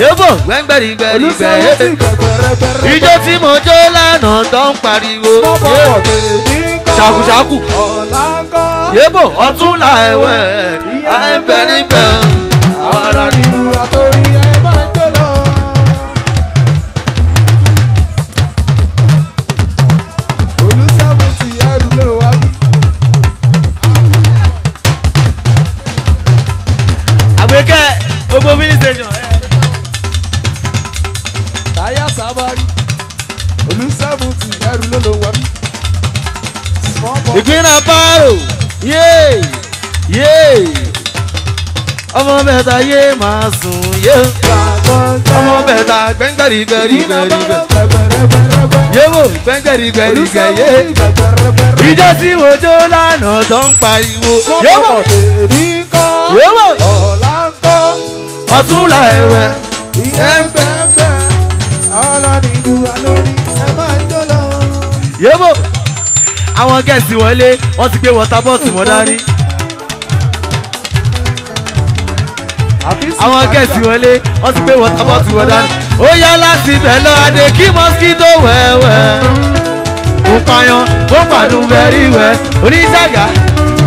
yébò gbẹ́ngbẹ́rì gbẹ́rì gbẹ́. ìjọ tí mo jó lánàá tó ń pariwo. ṣàkùṣàkù. yébò ọ̀túnla ẹ̀wẹ̀ àìbẹ̀rẹ̀ bẹ̀ ọ̀rọ̀ nínú. gbogbo filling station. táyà sábàárì olú sẹ́fùtì ẹrù ló ló wà mí. ìpínlẹ̀ báàrò yéé yéé ọmọ mẹ́ta yéé máa sùn yéé ọmọ mẹ́ta gbẹ́ngbẹ́rì gbẹ́rì gbẹ́rì gbẹ́rì yéwò gbẹ́ngbẹ́rì gbẹ́rì gbẹ́rì ìjọ tí mo lánàá tó ń pariwo yéwò yéwò ọ̀túnla ẹ̀wẹ̀ ìyẹn ń bẹ́ ń bẹ́ ni ìdúrà lórí ẹ máa ń jó lọ. yébò àwọn gẹ̀ẹ́sì wọlé wọ́n ti gbé wọ́tá bọ́ọ̀sì mọ́ dání. àwọn gẹ̀ẹ́sì wọlé wọ́n ti gbé wọ́tá bọ́ọ̀sì mọ́ dání. ó yá láti bẹ̀ lọ adé kí mọ́síkító wẹ̀wẹ̀. òpààyàn ó pàdún bẹ́rí wẹ̀ oníṣàgà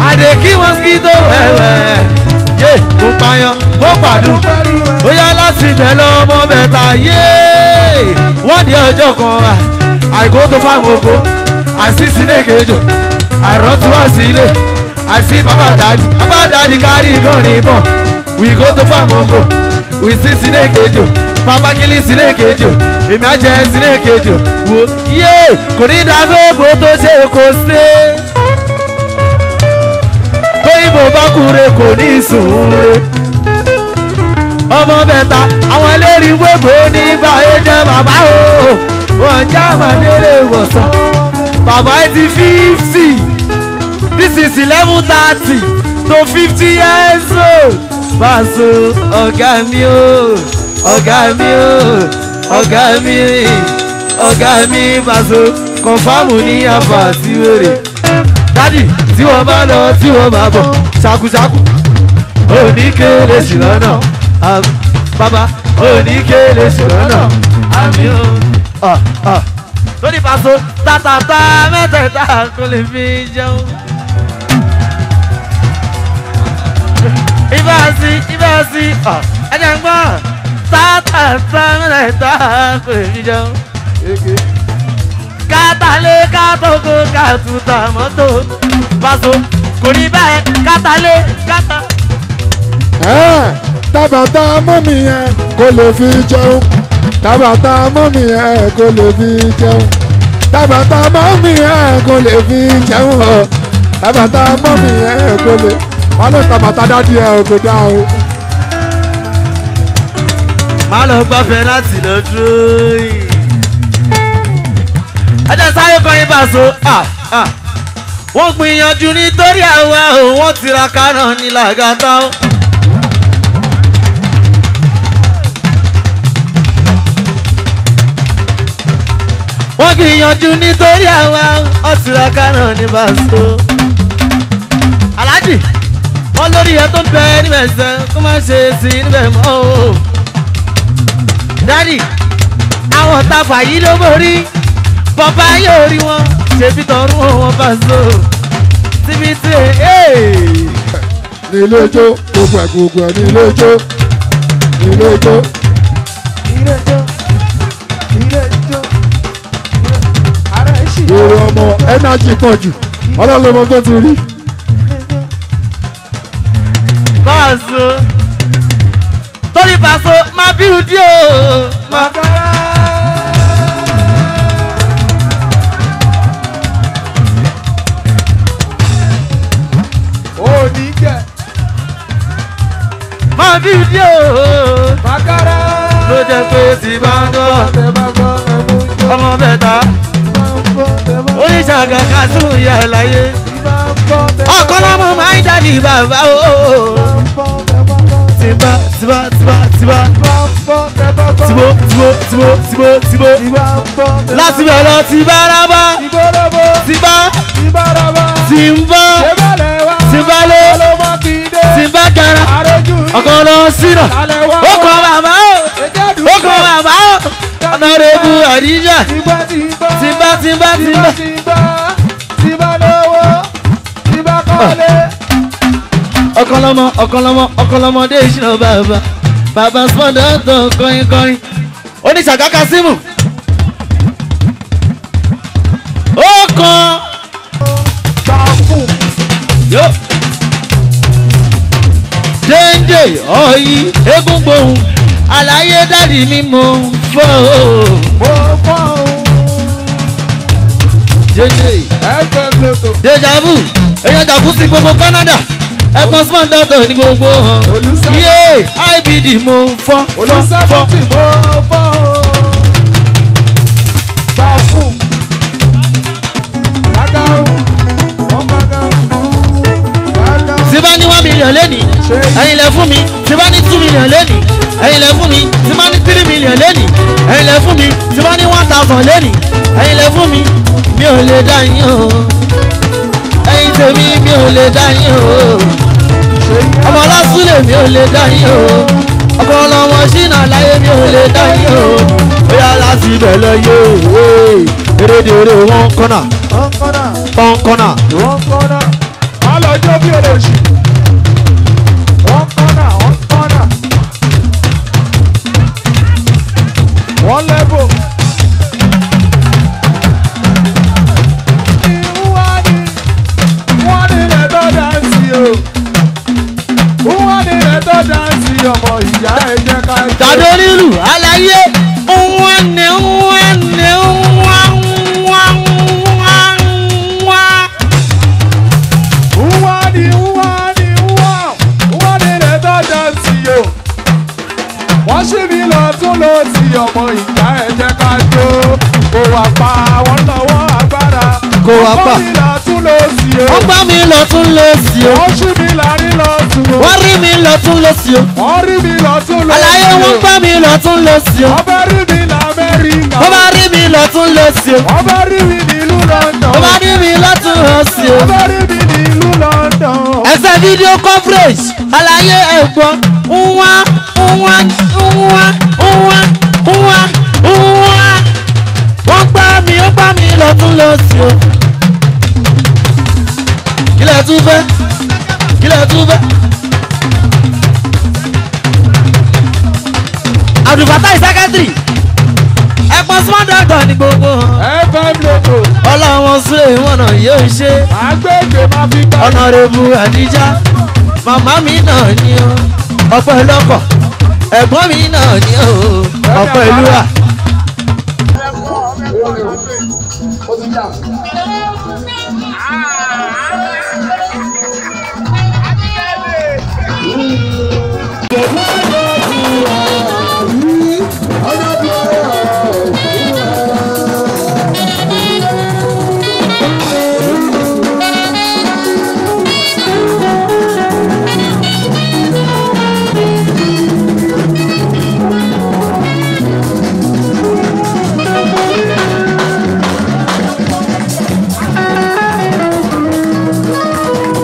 adé kí mọ́síkító wẹ̀wẹ̀ yé kò pààyàn kò pàdùn bóyá láti bẹ̀ lọ ọmọ mẹ́ta yé wọ́n ní ọjọ́ kan àìkó tó fáwọn oko àìsísí lè kejò àìrọ́tú àsílẹ̀ àìsí bàbá dàdí bàbá dàdí kárí ìgọ́rin bọ̀ wìgó tó fáwọn oko wìsísí lè kejò bàbá kìlì sílé kejì èmi àjẹ sílé kejì wò yé kò ní dáná bó tó ṣe kò ṣe bó bá kúre kò ní sùnre ọmọ bẹta àwọn ẹlẹ́rìí wégbó ní báyé jẹ́ bàbá o wọ́n já màdélé wọ̀sán bàbá ẹ ti fífì this is eleven thirty to fifty years old Paso ọ̀gá mi o ọ̀gá mi o ọ̀gá mi ọ̀gá mi Paso kọ̀fámù ní àbàtì wèrè sádì tí wọ́n bá lọ tí wọ́n bá bọ̀ ṣàkúṣàkú oníkèlè sí lọ́nà bàbá oníkèlè sí lọ́nà àmì o. lórí pàṣẹ tàtàtà mẹ́tẹ̀ẹ̀ta kò lè fi jẹun. ibà sí ibà sí ẹ̀jẹ̀ ń gbọ́ tàtàtà mẹ́tẹ̀ẹ̀ta kò lè fi jẹun kátàlé kátòkó kàtúntà mọ́tò Paso kò katale kata. kátàlé kátà. tábàtà mọ́mì yẹn kò lè fi jẹun tábàtà mọ́mì yẹn kò lè fi jẹun tábàtà mọ́mì yẹn kò lè fi jẹun o tábàtà mọ́mì yẹn kò lè wọ́n lè tábàtà dádì ẹ̀ kò dá o. má lọ gbọ́ fẹ́ láti lọ ajá sáré kọrin Paso. Ah, ah. wọ́n gbìyànjú nítorí àwa o wọ́n tiraka náà ní làgàtà o. wọ́n gbìyànjú nítorí àwa o tiraka náà ní Paso. aláàjì wọ́n lórí ẹ tó ń bẹ níbẹ̀ sẹ́ kó má ṣe sí níbẹ̀ mọ́ o. dádì àwọn ọ̀tá fàyí ló borí bọ́bá yori wa sebi toru wa baso sebi se síbi tí gugu ní ilé ijó gbogbo ẹ̀ gbogbo ẹ̀ ní ilé ijó ní ilé ijó. ilé ijó ilé ijó ara ẹ̀ ṣì. wòrò ọmọ ẹnájì pọ̀ jù ọlọ́run ló mọ tó ti rí. o máa kára. díẹ̀. máa bí díẹ̀ o. bàkàrà. ló jẹ́ pé ti bá ń gbọ́. ọmọ mẹ́ta. oníṣàgà kásù yà láyé. ọkọ lọ́mọ máa ń jáde bàbá o. tìbá tìbá tìbá tìbá. tìbó tìbó tìbó tìbó tìbó. láti bẹ̀rẹ̀ tìbá rábà. tìbá. tìbá. tìbá balé tí bá gara ọkọ lọ sínà ó kọ bàbá ó kọ bàbá ọ̀nàrẹ́bù àdíjà tìǹbà tìǹbà tìǹbà tìǹbà lówó tìǹbà kọ́lé. ọkọlọmọ ọkọlọmọ ọkọlọmọdé ìṣúná bàbá bàbá sọdọ tó kọrin kọrin oníṣàkákà símù. ó kan. yóò. Sunday ọ̀yí eégún gbohùn àlàyé dádì mi mo fọ́ o. mo fọ́ o. jẹjẹ dejavu èèyàn jàkú sí gbogbo Canada ẹ̀gbọ́n smart data ní gbogbo hàn yé IBD mo fọ́. olùsàbọ̀tì mo fọ́ o. million lẹ́nìí ẹ̀yin lẹ fún mi tí bá ní two million lẹ́nìí ẹ̀yin lẹ fún mi tí bá ní three million lẹ́nìí ẹ̀yin lẹ fún mi tí bá ní one thousand lẹ́nìí ẹ̀yin lẹ fún mi mi ò lè dá yín o ẹ̀yin tèmi mi ò lè dá yín o ọmọ ọlásùlẹ̀ mi ò lè dá yín o ọkọ ọlọmọ ṣínà láyé mi ò lè dá yín o bóyá láti bẹ̀rẹ̀ yé o eréde eré wọn kọ́nà wọn kọ́nà wọn kọ́nà. alọ́jọ́ bí olóṣù. pàápàá. wọ́n gbá mi lọ́tún lọ́sì o. wọ́n ṣí mi láàrin lọ́tún o. wọ́n rí mi lọ́tún lọ́sì o. wọ́n rí mi lọ́tún lọ́sì o. àlàyé wọ́n gbá mi lọ́tún lọ́sì o. wọ́n bá rí mi lamẹ́ríkà. wọ́n bá rí mi lọ́tún lọ́sì o. wọ́n bá rí mi nílùú London. wọ́n bá rí mi lọ́tún lọ́sì o. wọ́n bá rí mi nílùú London. ẹsẹ̀ fídíò coverage àlàyé ẹ̀gbọ́n ń wá ń wá ń wá ń wá ń wá ń wá wọ́n gbá mi ó gbá mi lọ́tún lọ́sì o kílẹ̀ tún fẹ́ kílẹ̀ tún fẹ́. àdùfátà ìsẹ́kẹ́tìrì ẹ̀pọ̀ small doctor ní gbogbo. fm logo. ọlọ́wọ́n sílẹ̀ ìwọ̀nà yóò ṣe. àgbègbè máa fi gbà. rebu àdíjà màmá mi náà ni ó ọpẹ́ lọ́kọ̀ ẹ̀gbọ́n mi náà ni ó ọpẹ́ ìlú wa. Thank